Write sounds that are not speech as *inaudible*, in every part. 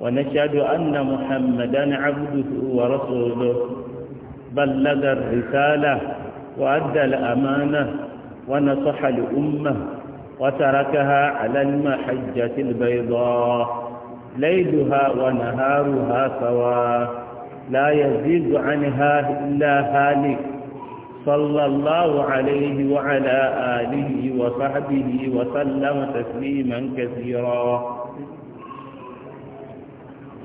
ونشهد أن محمدا عبده ورسوله بلغ الرسالة وأدى الأمانة ونصح الأمة وتركها على المحجة البيضاء ليلها ونهارها سواء لا يزيد عنها إلا هالك صلى الله عليه وعلى آله وصحبه وسلم تسليما كثيرا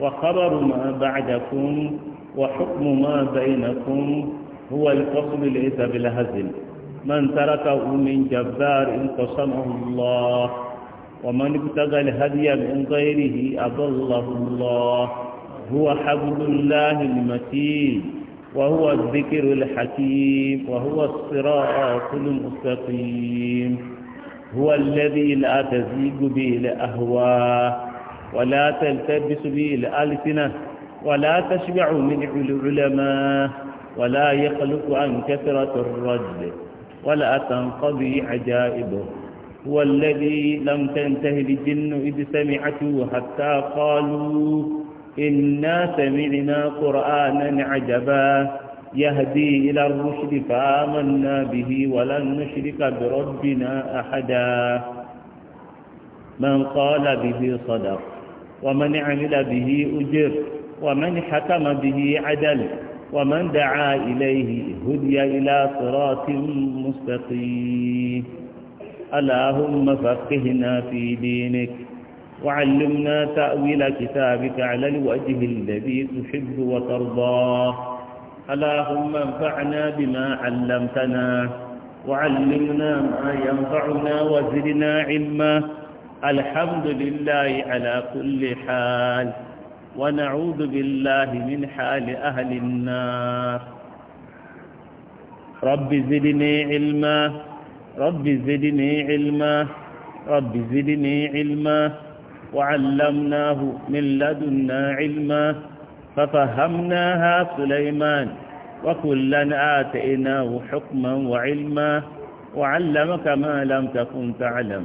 وخبر ما بعدكم وحكم ما بينكم هو الفصل ليس بالهزل من تركه من جبار انقسمه الله ومن ابتغى الهدي من غيره أضله الله هو حبل الله المتين وهو الذكر الحكيم وهو الصراط المستقيم هو الذي لا تزيغ به لأهواه ولا تلتبس به الألسنة ولا تشبع من العلماء ولا يخلق عن كثرة الرجل ولا تنقضي عجائبه هو الذي لم تنتهي الجن إذ سمعته حتى قالوا إنا سمعنا قرآنا عجبا يهدي إلى الرشد فآمنا به ولن نشرك بربنا أحدا من قال به صدق ومن عمل به أجر ومن حكم به عدل ومن دعا إليه هدي إلى صراط مستقيم اللهم فقهنا في دينك وعلمنا تأويل كتابك على الوجه الذي تحب وترضى اللهم انفعنا بما علمتنا وعلمنا ما ينفعنا وزدنا علما الحمد لله على كل حال ونعوذ بالله من حال أهل النار رب زدني علما رب زدني علما رب زدني علما وعلمناه من لدنا علما ففهمناها سليمان وكلا آتئناه حكما وعلما وعلمك ما لم تكن تعلم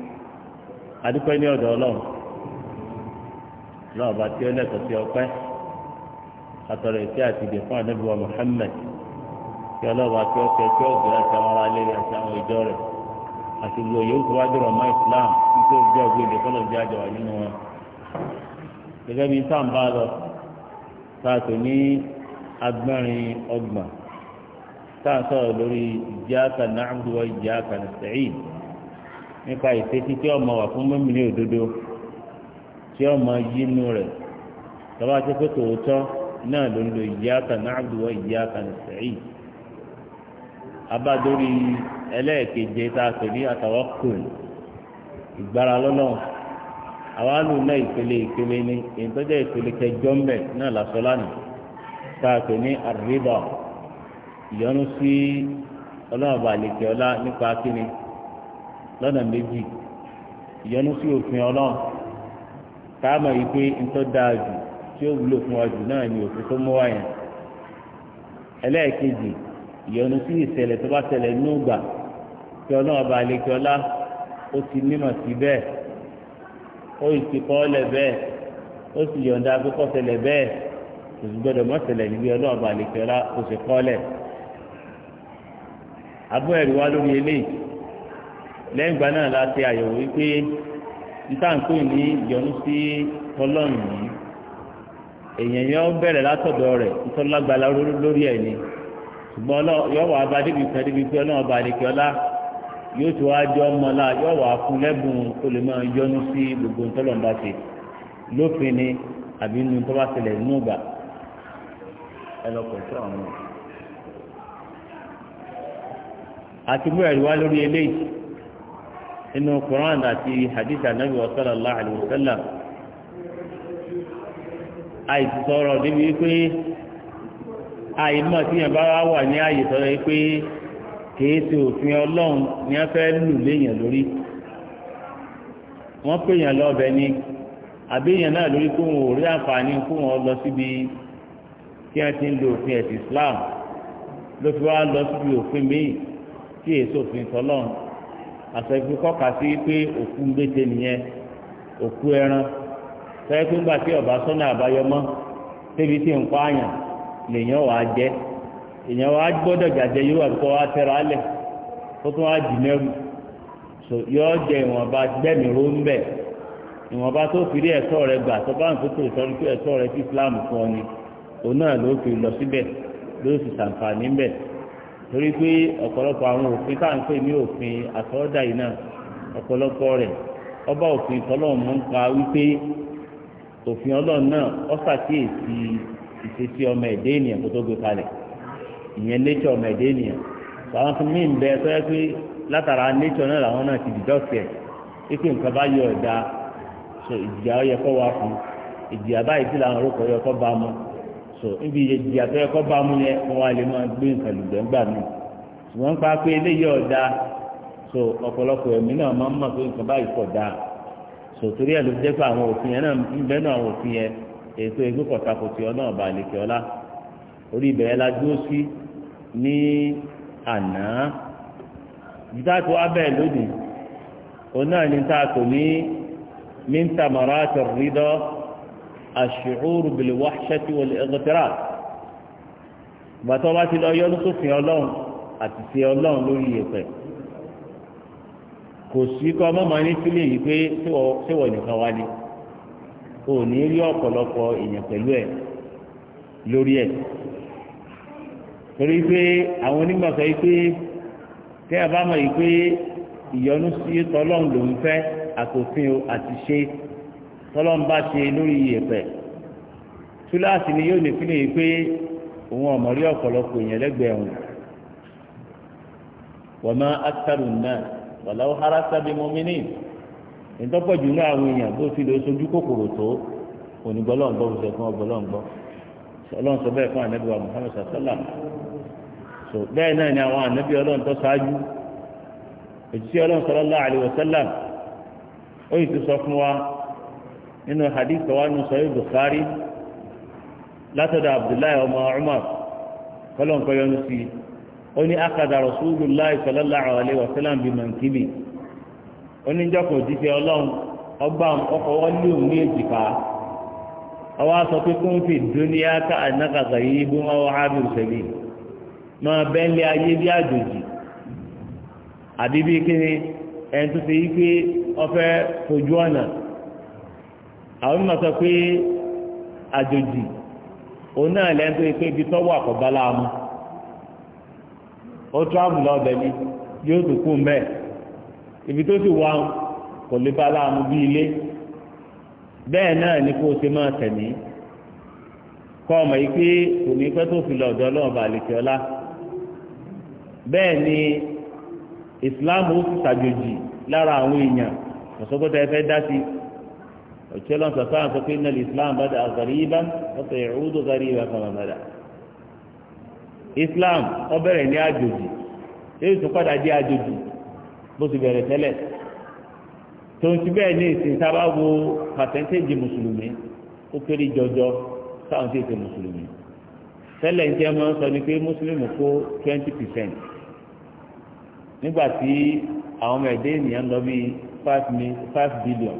adúpẹ́ ní ọ̀dọ̀ ọlọ́run náà bá tí ó lẹ́tọ̀ọ́ sí ọpẹ́ àtọ̀rọ̀ ìṣe àti ìdè fún àdébùwà Muhammad kí ọlọ́wà kí ọ̀sẹ̀ kí ọ̀gbìn àti àwọn ará ilé rẹ̀ àti àwọn ìjọ rẹ̀ àti gbogbo yòówù tó wá dúró ọmọ Islam tó jẹ́ ògbé èdè kọ́lọ̀ jẹ́ àjọ wà nínú wọn. gẹ́gẹ́ bí sáà ń bá lọ sáà tó ní agbẹ́rin ọgbọ̀n sáà sọ̀rọ̀ lórí iyyaka na'budu nípa ìfetí tí ọmọ wà fún mímìlì òdodo tí ọmọ yínú rẹ̀ tọ́ba ti pé tòótọ́ náà ló ń lo iyyaka na'budu wa abádórí tá a pè ní àtawakkul ìgbára lọ́lọ́run àwa lò náà ìpele ìpele ní ìtọ́jẹ́ ìpele kẹjọ mbẹ náà lásọ lánàá tá a pè ní ìyọnu sí ọlá nípa kíni lọ́nà méjì ìyọnu sí òfin ọlọ́run káàmà yìí pé ntọ́ dáa jù tí ó wúlò fún wa jù náà ni òfin tó mú wá yẹn ẹlẹ́ẹ̀kejì ìyọnu sí ìṣẹ̀lẹ̀ tó bá ṣẹlẹ̀ nínú ìgbà tí ọlọ́run bá lè kí ọlá ó ti mímọ̀ sí bẹ́ẹ̀ ó ti kọ́ ọ́lẹ̀ bẹ́ẹ̀ ó sì yọ̀ǹda akókò ṣẹlẹ̀ bẹ́ẹ̀ kò sì gbọ́dọ̀ mọ́ ṣẹlẹ̀ níbi ọlọ́run bá lè kí ọlá ó sì kọ́ ọ́lẹ̀ abúlé rí wá lórí eléyìí lẹ́yìn ìgbà náà la ṣe àyẹ̀wò wípé ntáǹkó ní ìyọnu sí yìí èèyàn bẹ̀rẹ̀ látọ̀dọ̀ rẹ̀ lórí ẹ̀ ni ṣùgbọ́n yọ wà bá débi kan débi pé ọlọ́run bá lè kí ọlá yóò tó ajọ́ ọmọlá yọ wà fún lẹ́bùn yọnu sí gbogbo ntọ́lọ́run bá ṣe lófin ni àbí nu tó bá ṣẹlẹ̀ inu Quran àti hadith anabi wa sallallahu alayhi wa sallam àìsọ̀rọ̀ débi wípé àìmọ̀ tí yẹn bá wà ní àyè yi wípé kìí ṣe òfin ọlọ́run ni fe fẹ́ lù lori lórí wọ́n pè yàn lọ́bẹ ni àbí èèyàn náà lori kó wọn ò rí àǹfààní kó lọ síbi tí wọ́n ti ń lo òfin ẹ̀sìn Islam ló fi wá lọ síbi òfin míì tí èso ofin tọ́lọ́run àtẹ̀gbẹ́ kọ́ka sí pé òkú gbèsè nìyẹn òkú ẹran fẹ́ẹ́ tó ń gbà tí ọ̀bá sọ́nà àbáyọmọ́ tẹ́bi tí ń pààyàn lèèyàn wà á jẹ́ èèyàn wà á gbọ́dọ̀ jàjẹ́ yóò àbíkọ́ tẹ́ra lẹ̀ kó tó mẹ́rù jẹ ìwọ̀nba gbẹ́mìíró ń bẹ̀ ìwọ̀nba tó fi rí ẹ̀tọ́ rẹ torí pé ọ̀pọ̀lọpọ̀ àwọn òfin tá à ń pè ní òfin àtọ́dá yìí náà ọ̀pọ̀lọpọ̀ ọba òfin tọ́lọ́run mú pa wípé òfin ọlọ́run náà ó ṣàkíyèsí ìṣesí ọmọ ẹ̀dẹ́ ènìyàn kó tó gbé kalẹ̀ ìyẹn nature ọmọ ẹ̀dẹ́ ènìyàn àwọn tó mí ń bẹ tó pé látara nature náà làwọn náà ti dìjọ́ sí ẹ̀ pípé nǹkan bá yọ ìjìyà fún ìjìyà báyìí so ibi ìyẹ̀dìyà tó yẹ bá mú yẹ wọn a lè máa gbé nǹkan lùgbẹ́ ńgbà mí ṣùgbọ́n pa pé eléyìí ọ̀dà so ọ̀pọ̀lọpọ̀ ẹ̀mí náà máa ń mọ̀ pé nǹkan báyìí so torí ẹ̀ ló jẹ́ pé àwọn òfin yẹn náà ń àwọn òfin yẹn ètò ìlú tí ọ náà bá lè kí ọlá orí la dúró sí ní àná ìdá tó lónìí òun àṣìṣòro bìlì wá ṣẹ́tì wọlé ẹgbẹ́tẹ́rà bàtọ́ bá ti lọ yọ́nú sófin ọlọ́run àti ṣe ọlọ́run lórí ìyẹ̀pẹ̀ kò sí kọ́ mọ́mọ́ ní sílé yìí pé síwọ̀ nìkan wá ní o ní rí ọ̀pọ̀lọpọ̀ èèyàn pẹ̀lú ẹ̀ lórí ẹ̀ torí pé àwọn onímọ̀ sọ yìí pé tẹ́ ẹ bá mọ̀ yìí pé ìyọnu sí tọ́lọ́run lòún fẹ́ àtòfin àti ṣe tọ́lọ́mbà ṣe lórí ìyẹ̀pẹ̀ túláàsì ni yóò lè fi lè pé òun ọmọ ọ̀pọ̀lọpọ̀ èèyàn lẹ́gbẹ̀ẹ́ wọ́n máa ákàrù náà harasa bí mo ní ìtọ́pọ̀jù náà àwọn èèyàn bó ti lè sojú kòkòrò tó onígbọ́lọ́ǹgbọ́ fi sẹ́kún ọgbọ́lọ́ǹgbọ́ ọlọ́run fún ànábì wa so bẹ́ẹ̀ náà ni àwọn ànábì ọlọ́run tó ṣáájú òjíṣẹ́ ọlọ́run sallallahu ó fún wa nínú hadith tó wà nínú sọ́yìn Bukhari látọ̀dọ̀ Abdullahi ọmọ Umar kọlọ́nkọ yọnu sí i ó ní akadà Rasulullahi sallallahu alaihi wa sallam bíi mankini oníjọkọ̀ òjíṣẹ́ ọlọ́run ọgbà ọkọ̀ wọn ní òun ní èjìká ọwọ́ aṣọ pé kó ń fi dúníyà ká ànákàkà yìí bó máa wá ábí òṣèlú máa bẹ́ńlẹ̀ ayé bí àjòjì àbí bí kíni ẹni tó ṣe àwọn mímọ sọ pé àjòjì òun náà lẹ́nu tó yẹ pé ibi tọ́wọ́ àkọ́bá láàmú ó tíráàmù lọ́bẹ̀ ni yóò tó kún bẹ́ẹ̀ ibi tó sì wá kò lè bá láàmú bí ilé bẹ́ẹ̀ náà ni kó o ṣe máa tẹ̀lé kọ́ ọmọ yìí pé kò ní pẹ́ tó fi lọ ọ̀dọ̀ ọlọ́run bá àlèkè ọlá bẹ́ẹ̀ ni ìsìláàmù ó sì ṣàjòjì lára àwọn èèyàn ọ̀sọ́gbọ́tà ẹ fẹ́ dá sí i òṣèlú ọ̀sán sáà sọ pé nílẹ̀ islam bá dà gàríbà wọ́n sọ ìrúdù gàríbà kàmá bàdà islam ó bẹ̀rẹ̀ ní àjòjì èyí tó padà di àjòjì bó ti bẹ̀rẹ̀ tẹ́lẹ̀ tó ń ti bẹ́ẹ̀ ní ìsìn sábà wo pàṣẹ́ntéèjì mùsùlùmí ó kéré jọjọ sáà ń tètè mùsùlùmí tẹ́lẹ̀ ń jẹ́ mọ́ sọ ni pé mùsùlùmí kó twenty percent nígbà tí àwọn ọmọ ẹ̀dẹ́ ènìyàn lọ bí five billion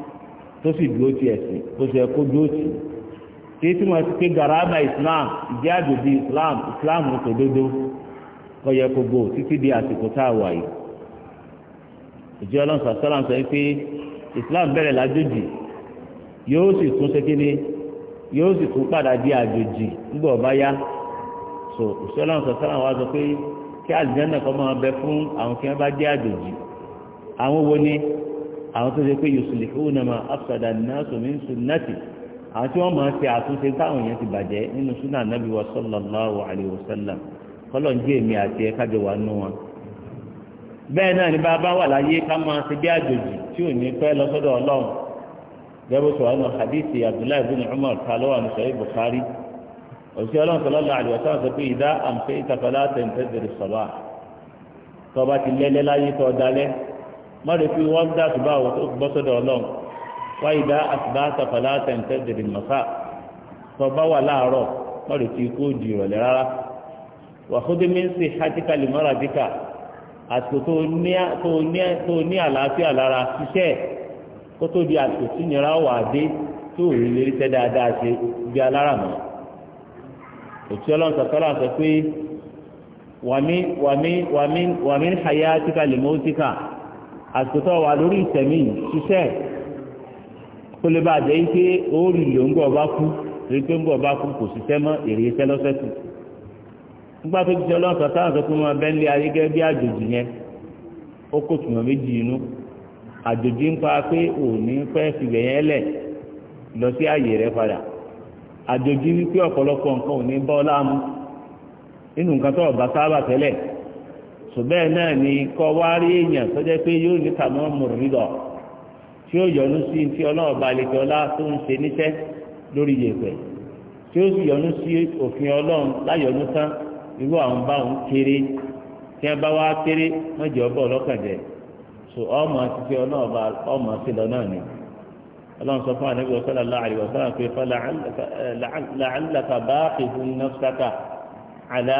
tó sì dúró ti ẹ̀sìn tó sì ẹ̀kọ́ dúró tì í kìí tí wọ́n ti pé garaba islam ìjẹ́ àjòjì islam islam kò dodo kọ́ yẹ kó gbó títí di àsìkò tá a wà yìí ìjẹ́ ọlọ́run sàṣọ́làn sọ pé islam bẹ̀rẹ̀ lájòjì yóò sì tún ṣékíní yóò sì tún padà di àjòjì nígbà ọba yá so ìṣẹ́ ọlọ́run sàṣọ́làn wa sọ pé kí àlùjànnà kọ́ máa bẹ fún àwọn kí wọ́n bá jẹ́ àjòjì àwọn wo ni àwọn tó ṣe pé yuslihuna ma afsada an-nasu min sunnati àwọn tí wọ́n máa ṣe àtúnṣe táwọn èèyàn ti bàjẹ́ nínú súnà nàbí wa sallallahu alayhi wa sallam kọ́lọ̀ ń gbé èmi àti ẹ̀ kájọ wà nù wọn. bẹ́ẹ̀ náà ni bá a bá wà láyé ká máa ṣe bí àjòjì tí ò ní pẹ́ lọ sọ́dọ̀ ọlọ́run gẹ́gẹ́ bó sọ wọn nù hadithi abdullahi bin umar kalowa ní sọ́yìn òṣìṣẹ́ ọlọ́run sallallahu alayhi wa sọ pé ìdá àǹfẹ́ ìtàkọ́lá tẹ̀ǹtẹ̀ mọ́rẹ̀ fi wọ́n dá àtúbà wọ́n tó bọ́ sọ́dọ̀ ọlọ́run wá ìdá àtúbà àtàfàlà àtẹ̀ǹtẹ̀ dèrè mọ́fà tó bá wà láàárọ̀ mọ́rẹ̀ fi kó di ìrọ̀lẹ́ rárá wàhúdí mi ń lè mọ́ra díkà àtò tó ní àlàáfíà lára ṣiṣẹ́ kó tó di àtò tí nira wà dé tó rí lérí tẹ́ dáadáa ṣe bí alára mọ́ òtí ọlọ́run sọ pé wàmí wàmí wàmí wàmí hayá tíkà lè mọ́ tíkà. àtòtọ́ wà lórí ìtẹ̀mí ṣiṣẹ́ tó lè bá jẹ́ ike orí ló ń gbọ́ bá kú torí pé ń gbọ́ bá kú kò ṣiṣẹ́ mọ́ èrè iṣẹ́ lọ́sẹ̀kù nígbà tó ti ṣe ọlọ́sọ̀ táwọn sọ pé wọn bẹ́ẹ̀ lé ayé gẹ́gẹ́ bí àjòjì yẹn ó méjì inú àjòjì ń pa pé òní fẹ́ fìgbẹ́ yẹn lẹ̀ lọ sí ààyè rẹ padà àjòjì ṣùgbọ́n náà ni kọ́ wá rí èèyàn tó jẹ́ pé yóò ní tàmọ́ mùrìdọ̀ tí ó yọnu sí ti ọlọ́run balẹ̀kẹ́ ọlá tó ń ṣe níṣẹ́ lórí yèpẹ̀ tí ó sì yọnu sí òfin ọlọ́run láyọnu tán irú àwọn báwọn kéré tí wọ́n bá wá kéré wọ́n jẹ́ ọbọ̀ ọlọ́kàjẹ́ so ọmọ títí ọlọ́run bá ọmọ sí lọ náà ni ọlọ́run sọ fún ànábì ọ̀sán láàrin ọ̀sán àti ìfọ́ làálàkà bá àkè fún náà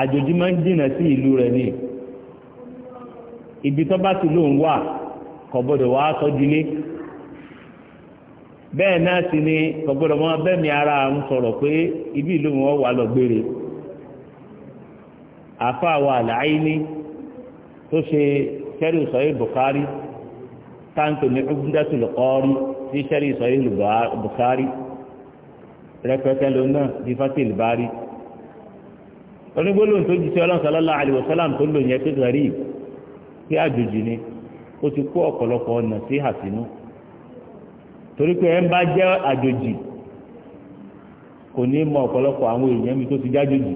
àjòjì máa ń jìnà sí ìlú rẹ̀ ni ibi tó bá ti lóun wà kò gbọ́dọ̀ wá bẹ́ẹ̀ náà sì ni kò gbọ́dọ̀ bẹ́ẹ̀mí ara ń sọ̀rọ̀ pé ibi ìlú wọn wà lọ́gbére àfáà wa àlàyé ní tó ṣe sẹ́rí ìsọ̀yé Bukhari táǹtò ní sí sẹ́rí rẹpẹtẹ lónà bí fásitì onígbólóhùn tó jíṣẹ́ ọlọ́run sallallahu alaihi wasallam tó lò yẹn pé gàrí pé àjòjì ni ó ti kó ọ̀pọ̀lọpọ̀ ọ̀nà sí àsínú torí pé ẹ ń bá jẹ́ àjòjì kò ní mọ ọ̀pọ̀lọpọ̀ àwọn èèyàn mi tó ti jájòjì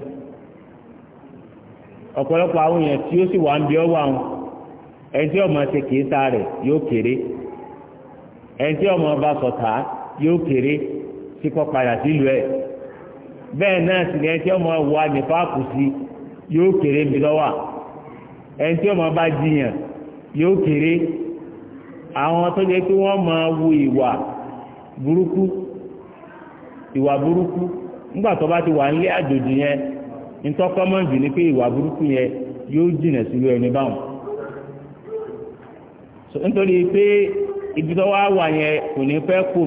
ọ̀pọ̀lọpọ̀ àwọn èèyàn tí ó sì wà ń bí ọwọ́ àwọn ẹni tí ọmọ ṣe kìí sa rẹ̀ yóò kéré ẹni tí ọmọ ọba sọ̀tà yóò kéré síkọ́ padà sílùú ẹ̀ bẹ́ẹ̀ náà sì ni ẹni ọmọ wa yóò kéré ń ẹni tí ọmọ bá jiyàn yóò kéré àwọn tó jẹ́ wọ́n máa wu ìwà burúkú ìwà burúkú ti wà nílé àjòjì yẹn ntọ́kọ́ mọ́ jù burúkú yẹn yóò jìnà ẹni báwọn nítorí pé wá wà yẹn kò ní fẹ́ kó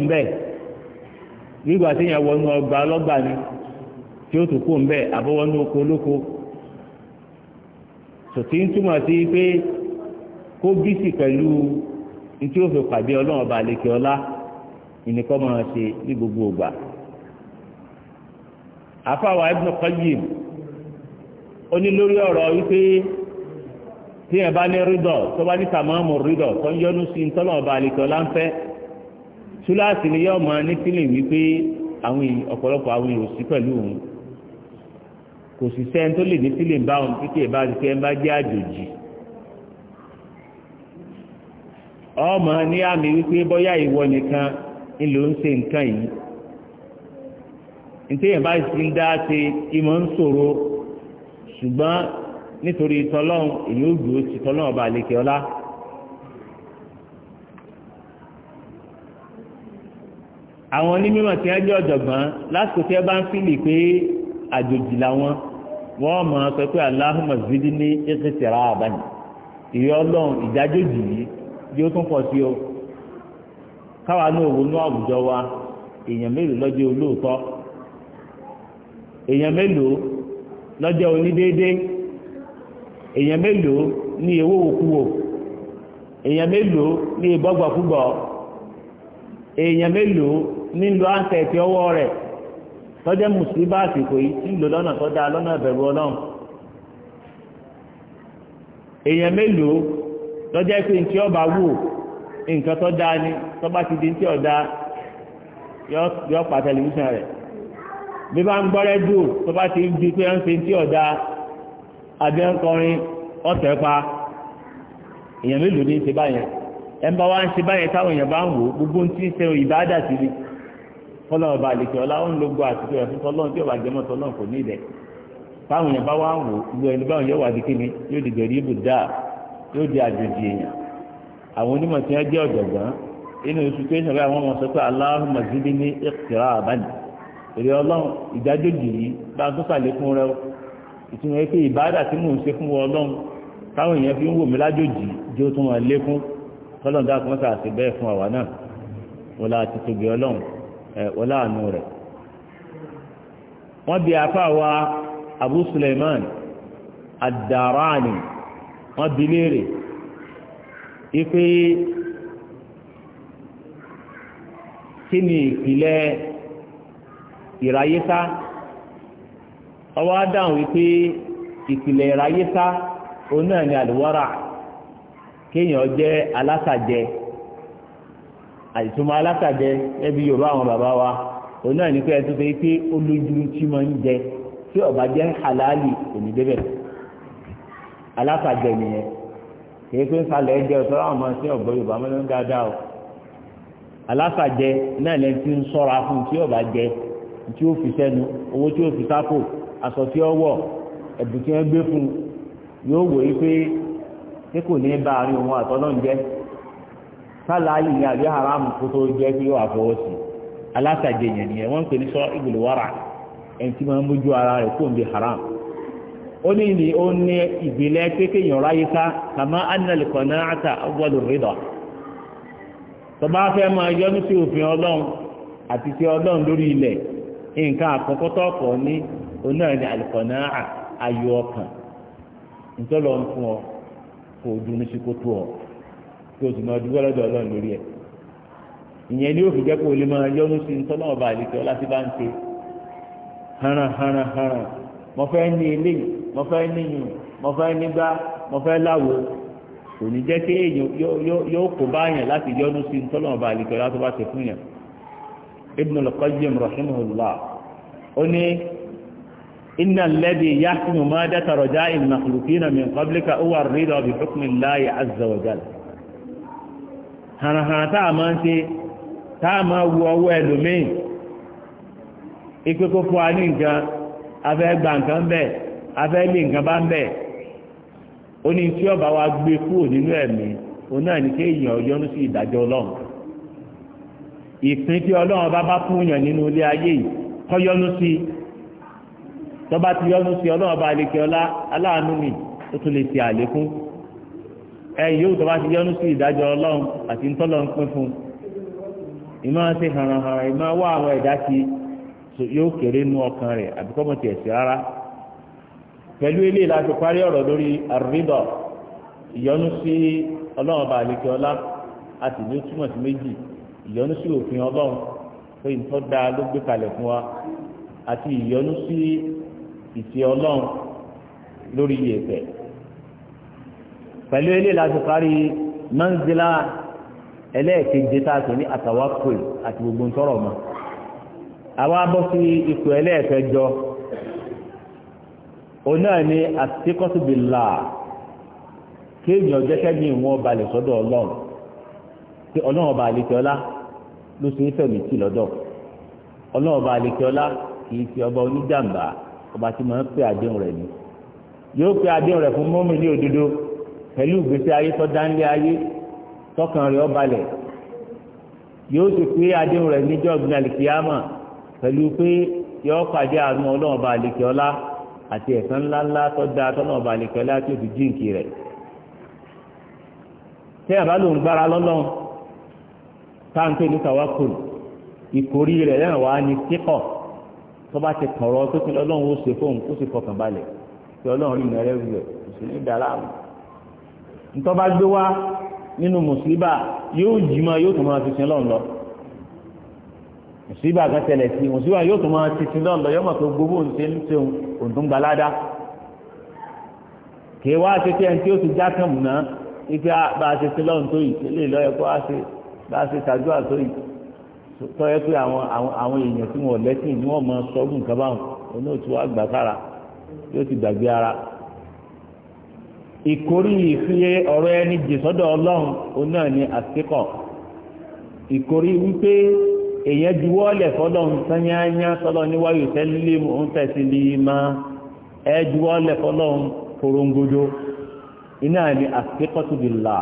ń tí ó tún kó ń bẹ́ àbọ̀wọ́ ní oko olóko sòtí ń túmọ̀ sí pé kó bísì pẹ̀lú ní tí ó fi pàdé ọlọ́run ọba àlekè ọlá ṣe ní gbogbo ọgbà afáwa Ibn Qayyim ó ní lórí ọ̀rọ̀ wípé tí yẹn bá ní rídọ̀ tó bá ní tàmáàmù rídọ̀ tó ọba àlekè ọlá ń fẹ́ túláàsì ni ní wípé àwọn ọ̀pọ̀lọpọ̀ kò sì sẹ́ni tó lè ní sílẹ̀ ń bá wọn títí ìbá ti kẹ́ ń bá jẹ́ àjòjì ọmọ ní àmì wípé bóyá ìwọ nìkan ìlò ń ṣe nǹkan yìí ntẹ́yìn bá ti ń dá ṣe ìmọ̀ ń ṣòro ṣùgbọ́n nítorí tọlọ́hún èyí ó dúró ti tọlọ́hún ọba àlekè ọlá. àwọn onímọ̀ tí wọ́n jẹ́ ọ̀jọ̀gbọ́n lásìkò tí wọ́n bá ń fìlì pé àjòjì làwọn. wọ́n mọ̀ sọ pé aláhùnmọ̀ zidi ní ẹ̀sẹ̀sẹ̀rà àbáyé ìyọ́ ọlọ́run ìdájọ́jì yìí yóò tún pọ̀ sí o káwa ní òwò ní àwùjọ wa èèyàn mélòó lọ́jọ́ olóòótọ́ èèyàn mélòó onídéédé èèyàn mélòó ní ewó òkúwò èèyàn mélòó ní èèyàn mélòó tọ́jẹ́ mùsùlùmí àsìkò yìí tí ń lò lọ́nà tó dáa lọ́nà ìbẹ̀rù ọlọ́run èèyàn mélòó tọ́jẹ́ pé ntí ọba wù nǹkan tó dáa ni tọ́ba ti di ntí ọ̀dá yọ pa tẹlifíṣàn rẹ̀ bí bá ń gbọ́ rẹ́díò tọ́ba ti di pé ń ṣe ntí ọ̀dá abẹ́ńkọrin ọ̀tẹ̀ pa èèyàn mélòó ní ń báyẹn ẹ̀ ń bá wá ń ṣe báyẹn táwọn èèyàn bá ń wò gbogbo ń ti ń ṣe ìbáàdà sí i kọ́lọ́ ọba àlèkè ọlá ó ń lo gbọ́ àtúntò ẹ̀fún tọ́lọ́n tí ọba jẹmọ́ tọ́lọ́n kò ní ilẹ̀ táwọn yẹn bá wá wò gbogbo ẹni báwọn yóò wá di kíni yóò di gẹ̀rí ibù dáa yóò di àjòjì èèyàn àwọn onímọ̀ tí wọ́n jẹ́ ọ̀jọ̀gbọ́n inú oṣù tó ń sọ̀rọ̀ àwọn ọmọ sọ pé Allahumma zidni iqtiraban èrè ọlọ́run ìdájòjì yìí bá tó sàlékún rẹ ìtumọ̀ yẹn pé ìbáàdà tí mò ń ṣe fún wọn ọlọ́run táwọn èèyàn fi ń wò mí lájòjì jó tó wọn lékún kọ́lọ́ọ̀dá kan sàṣe bẹ́ẹ̀ fún àwa náà wọn la ti tògbé ọlọ́run wọlé àánú rẹ̀ wọ́n bi afa wa abu suleiman adarani wọ́n bi léèrè ipe kí ni ìpìlẹ̀ ìráyésá ọwọ́ adáhùn wípé ìpìlẹ̀ ìráyésá òun ni àlùwárà kéèyàn jẹ́ alásàjẹ́ àìsùnmọ́ alákàjẹ ẹbí yorùbá àwọn bàbá wa òun náà ní pé ẹ tó fẹ́ pé olójú tí mo ń jẹ tí ọba jẹ́ halali òní débẹ̀ alákàjẹ nìyẹn kìí pé nsàlẹ̀ ẹ jẹ ọ̀tọ́ àwọn ọmọ sí ọ̀gbọ́n yorùbá mọ́ ló dáadáa o alákàjẹ náà lẹ́yìn tí ń sọ́ra fún tí ọba jẹ tí ó fi sẹ́nu owó tí ó fi sápò aṣọ tí ó wọ̀ ẹ̀bùn tí wọ́n gbé fún yóò wòye pé pé kò ní bá àárín òun àtọ́ náà jẹ́ sálàyé ní àbí haram kó tó jẹ́ pé yóò àfọwọ́ sí alátàjẹ yẹn nìyẹn wọ́n ń pè ní sọ ìbùdó wàrà ẹni tí máa ń mójú ara rẹ̀ kó haram ó ní ní ó ní ìgbélé kékeré yàn ráyé ká kàmá annal qana'ata awwalu rida tọba fẹ́ máa yọnu sí òfin ọlọ́run àti sí ọlọ́run lórí ilẹ̀ nǹkan ní ọkàn kí o sì máa dúpẹ́ lọ́dọ̀ ọlọ́run lórí ẹ̀ ìyẹn ni ó fi jẹ́ kó o lè máa yọ́nú sí ní tọ́lá ọba àlejò ọlá tí bá ń ṣe haran haran haran mo fẹ́ ní eléyìí mo fẹ́ níyùn mo fẹ́ nígbà mo fẹ́ láwo kò ní jẹ́ kí èèyàn yóò kó báyàn láti yọ́nú sí ní tọ́lá ọba àlejò ọlá tó bá ṣe fún yàn Ibn al-Qayyim rahimahullah ó ní inna alladhi yahkimu madata raja'i al-makhluqina min qablika huwa ar-ridha bi hukmi Allahi azza wa jalla hànàhànà tá a ń ṣe tá a wu ọwọ́ ẹlòmíì fún ní nǹkan afẹ́ gba nǹkan bẹ́ẹ̀ afẹ́ lé nǹkan bá ń bẹ́ẹ̀ ó ní tí ọba wa gbé kúrò nínú ẹ̀mí òun náà ní kéèyàn yọnu sí ìdájọ́ ọlọ́run ìpín tí ọlọ́run bá nínú ilé ayé kọ́ yọnu sí tọ́ba ti yọnu sí ọlọ́run ọlá aláàánú lè ti àlékún. ẹ yóò tó bá ti yọnu sí ìdájọ́ ọlọ́run àti ntọ́lọ́ ń pín fún un ìmọ̀ ṣe hànàhànà ìmọ̀ wá àwọn ẹ̀dá ti yóò kéré nú ọkàn rẹ̀ àbí kọ́mọ̀ tiẹ̀ sí rárá pẹ̀lú ilé láti parí ọ̀rọ̀ lórí àrídọ̀ ìyọnu sí ọlọ́run ọba àlekè ọlá àti ìlú túmọ̀ sí méjì ìyọnu sí òfin ọlọ́run pé nǹkan dáa ló gbé kalẹ̀ fún wa àti ìyọnu sí ìṣe ọlọ́run lórí iyẹ̀pẹ̀ pẹ̀lú ilé láti parí mọ́ńsílá ẹlẹ́ẹ̀kejì tá a pè ní àtàwákùl àti gbogbo ń tọrọ mọ́ àwa sí ipò ẹlẹ́ẹ̀kẹjọ òun náà ni àtikọ́síbìlà kéèyàn jẹ́kẹ́ ní ìwọ̀n balẹ̀ sọ́dọ̀ ọlọ́run pé ọlọ́run ọba àlekẹ́ọ́lá ló ṣe é fẹ̀mí tì lọ́dọ̀ ọlọ́run ọba àlekẹ́ọ́lá kìí fi ọba oníjàmbá ọba tí máa ń pè àdéhùn rẹ̀ ni yóò pè àdéhùn rẹ̀ fún mọ́mí ní òdodo pẹ̀lú ìgbésí ayé tó dánlé ayé tọkàn rẹ̀ ọbalẹ̀ yóò ti pé adéhùn rẹ̀ níjọ́ ọ̀gbìn àlìkíyàmà pẹ̀lú pé yọ pàdé àánú ọlọ́run ọba àlìkíọ́lá àti ẹ̀san ńláńlá tó da tọ́lọ́run ọba àlìkíọ́lá tó fi jíǹkì rẹ̀ tẹ́ àbá lòún gbára lọ́lọ́run táǹpé ní tàwákùn ìkórí rẹ̀ lẹ́yìn wá ní tíkọ̀ tó bá ti kọ̀rọ̀ tó ti lọ́lọ́run ó ṣe fóun ó sì fọkàn balẹ̀ tí ọlọ́run rí ìrẹ́lẹ́rú rẹ̀ kò sí ní ntọ́ bá gbé wá nínú mùsùlùmá yóò jìmọ̀ yóò tún máa tuntun lọ́nà lọ mùsùlùmá kan tẹ̀lẹ̀ sí mùsùlùmá yóò tún máa tuntun lọ́nà lọ yóò mọ̀ pé gbogbo òǹṣe ń ṣe òǹdún gbalada kì í wá ṣe pé ẹni tí ó ti já kàn múná ike ah, bá a ṣe ṣe lọ́nà tó yìí lè lọ́yẹ kó a ṣe bá a ṣe ṣàdúrà tó yìí tọ́yẹ pé àwọn àwọn èèyàn tí wọ́n lẹ́sìn ni wọ́n mọ sọ́gùn kábàáhùn onóòtú àgbàsára yóò ti gbàgbé ara ikori ìfi ọ̀rọ̀ ẹni jì sọ́dọ̀ ọlọ́run òun ni àtikọ̀ ìkórí wípé èèyàn juwọ́lẹ̀ fọlọ́run sányányá sọ́lọ́ níwáyò tẹ́lẹ̀ ń tẹ̀sí lè má ẹ juwọ́lẹ̀ fọlọ́run korongodo iná ni àtikọ̀ tó di là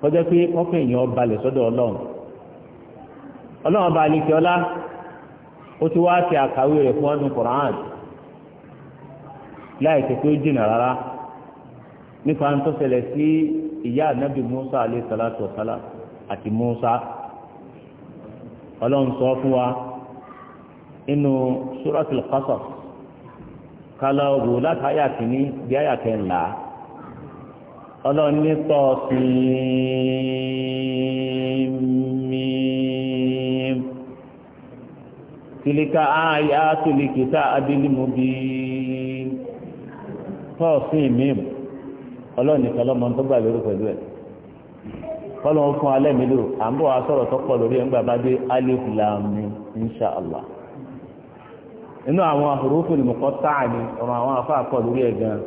kọjá pé èèyàn nípa ń tó ṣẹlẹ̀ sí ìyá ànábì Musa alayhi salatu wa salam àti Musa ọlọ́run sọ fún wa inú suratul Qasas kala òwò láti àyà kìíní bí àyà kẹńlá ọlọ́run ní tọ́sí-mí tìlíkà ọlọ́run nìkan lọ́mọ tó gbà lórí pẹ̀lú ẹ̀ kọ́lọ́n fún alẹ́ mi lò à ń bọ̀ wá sọ̀rọ̀ tó pọ̀ lórí ẹ̀ńgbà bá dé alif lam mim insha allah inú àwọn ahurufin muqatta'a ni ọ̀rọ̀ àwọn afa àkọ́ lórí ẹ̀ gan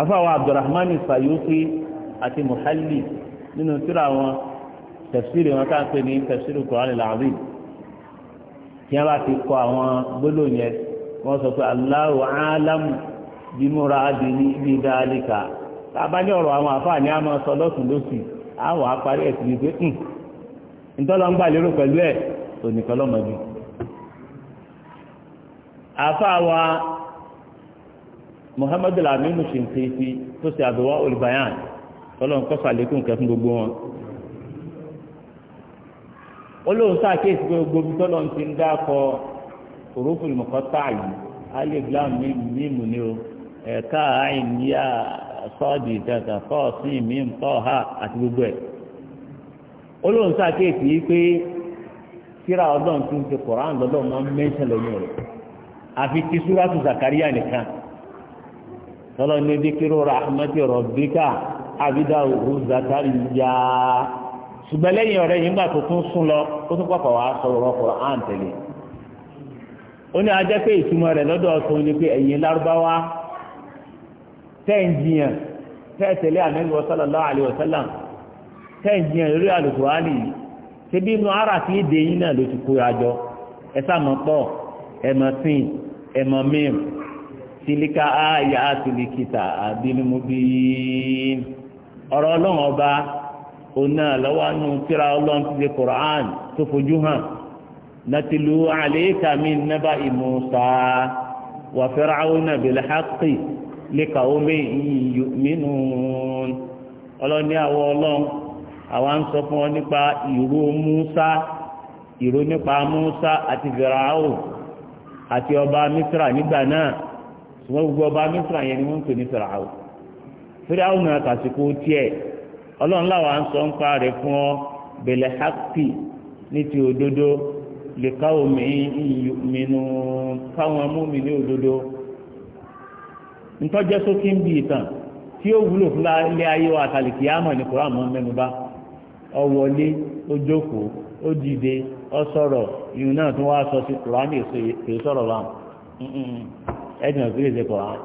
afa wa abdulrahman sayuti àti muhalli nínú tírà wọn tafsiri wọn káà pé ní tafsiri quran al-azim wọn bá ti kọ àwọn gbólóyìn wọn sọ pé allahu alam bimuradihi bi dhalika bàbá ní ọ̀rọ̀ àwọn àfáà a àmọ́ sọ lọ́sùn lọ́sì àwọ̀ àparí ẹ̀ ní pé hmm, ntọ́lọ́ngbà lérò pẹ̀lú ẹ̀ ònìkan lọ́mọdé àfáà wa muhammadu laminu ṣinṣinṣi tó ṣe àbẹ̀wá olùbáyàn ọlọ́run kọ́ sàlékún kẹfún gbogbo wọn olóhùn gbogbo ti ń alẹ́ sọ́ọ̀dì kankan a mi ń kọ́ ha àti gbogbo ẹ̀ olóhùn yìí pé síra ti koran lọ́dọ̀ máa ń mẹ́sàn lẹ́yìn rẹ̀ àfi ti Zakarị Zakariya nìkan tọ́lọ́ ní díkírò rahmati rọ̀bíkà abidá òhù ṣùgbọ́n lẹ́yìn ọ̀rẹ́ yìí tó tún sún lọ ó tún pàpà tẹ̀lé ó ní tẹ́ǹjìyàn tẹ́ẹ̀tẹ̀lé ànábì sallallahu alaihi wasallam tẹ́ǹjìyàn lórí àlùkùránì yìí ṣebí inú ara ti dè yín náà ló ti kó àjọ ẹ sàmọ́ pọ̀ ẹ̀mọ́ sìn ẹ̀mọ́ mìíràn tìlíkà ààyè àtìlíkìtà àbínúmúbí ọ̀rọ̀ ọlọ́run ọba ọ̀nà lẹ́ka omi mínú ọlọ́ni àwọ ọlọ́run àwa ń sọ fún ọ nípa ìró Musa ìró nípa Musa àti Fìràáò àti ọba Mísírà nígbà náà ṣùgbọ́n gbogbo ọba Mísírà yẹn ni wọ́n ń ní Fìràáò Fìràáò náà kàṣíkò tiẹ̀ ọlọ́run láwa ń sọ ń pa rẹ̀ fún ọ bẹ̀lẹ̀ hápì ní ntọ́jẹ́ sókè ń bi ìtàn tí ó wúlò fún ilé ayé wa àtàlìkì àmọ̀ ní kúrò àmọ́ mẹ́nu bá ó wọlé ó jókòó ó dìde ó sọ̀rọ̀ ìhun náà tó wá sọ sí kùránì èso sọ̀rọ̀ wa ẹ̀dùn ọ̀gbìn èsè kọ̀ọ̀án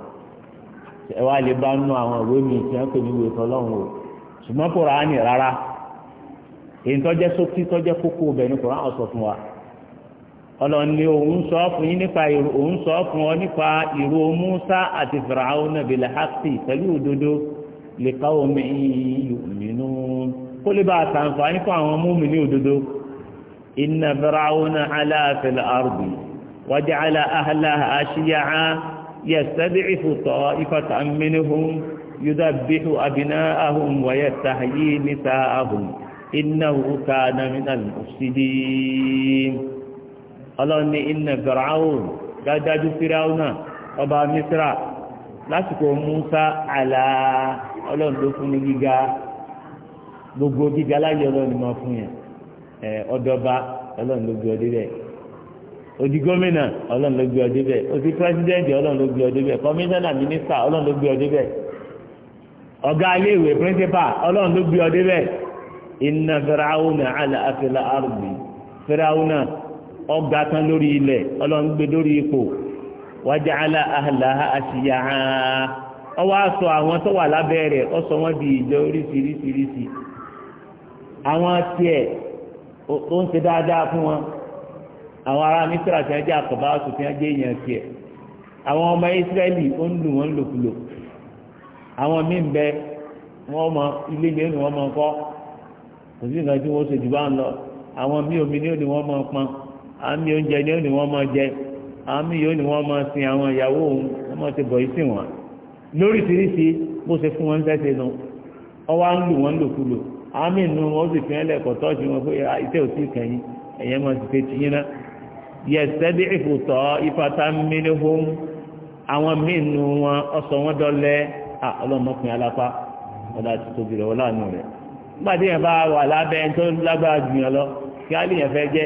ẹ wá lè bá nú àwọn ìwé mi tí wọ́n pè ní ìwé tọ́lọ́hún o ṣùgbọ́n kúránì rárá èyí sókè tọ́jẹ́ kókó bẹ̀ ní kúránì ọ̀sọ̀ fún wa ọlọ́run ni òun sọ fún yín nípa ìró òun sọ fún ọ nípa ìró Musa àti Fir'auna bil haqqi pẹ̀lú òdodo li qawmin yu'minun kó lè bá àtàǹfààní fún àwọn mùmínì òdodo inna Fir'auna ala fil ardi wa ja'ala ahlaha shiya'a yastad'ifu ta'ifatan minhum yudabbihu abna'ahum wa yastahyi nisa'ahum innahu kana minal mufsidin. ọlọ́run ní iná gọ̀ráhùn dájájú fíráúnà ọba mísírà lásìkò Musa àlà ọlọ́run ló fún ní gíga gbogbo gíga láyé ọlọ́run máa fún yẹn ọdọba ọlọ́run ló gbé ọdẹ bẹ́ẹ̀ odi gómìnà ọlọ́run ló gbé ọdẹ bẹ́ẹ̀ odi pírẹsidẹ́ǹtì ọlọ́run ló gbé ọdẹ bẹ́ẹ̀ kọmíṣánná ọlọ́run ló gbé ọdẹ bẹ́ẹ̀ ọ̀gá iléèwé píríncípà ọlọ́run ló ọgá tán lórí ilẹ̀ ọlọ́run gbé lórí ipò wájà alá àhàlà àṣìyà ọwọ́ aṣọ àwọn tó wà lábẹ́ rẹ̀ ọ sọ di ìjọ oríṣiríṣiríṣi àwọn tiẹ̀ ó ń ṣe dáadáa fún wọn àwọn ará mísírà tí àkọ́bá tí èèyàn tiẹ̀ àwọn ọmọ ìsírẹ́lì ó ń lù lòkulò àwọn bẹ mọ ilé ni mọ kò sí nǹkan tí ṣe jù bá àmì oúnjẹ ni ó ní wọ́n máa jẹ àmì yóò ní wọ́n máa sin àwọn ìyàwó òun wọ́n máa ti bọ̀ yìí sí wọn lóríṣiríṣi bó ṣe fún wọn sẹ́sẹ̀ nu ọwọ́ ń lù wọ́n lòkulò àmì inú wọn ó sì fi hàn lẹ́kọ̀ọ́ tọ́jú wọn pé ah, iṣẹ́ ò tí ì kàn ẹ̀yẹ́ máa ti fẹ́ ti yín náà yẹsẹbi ìfòtọ ìfata mílíọ̀n àwọn míínu wọn ọsọ wọn dọlẹ à alápá ọlá ti tóbi rẹ ọlá nù rẹ nígbàdí yẹn bá wà lábẹ́ tó lágbára jù yẹn lọ kí á lè yẹn fẹ́ jẹ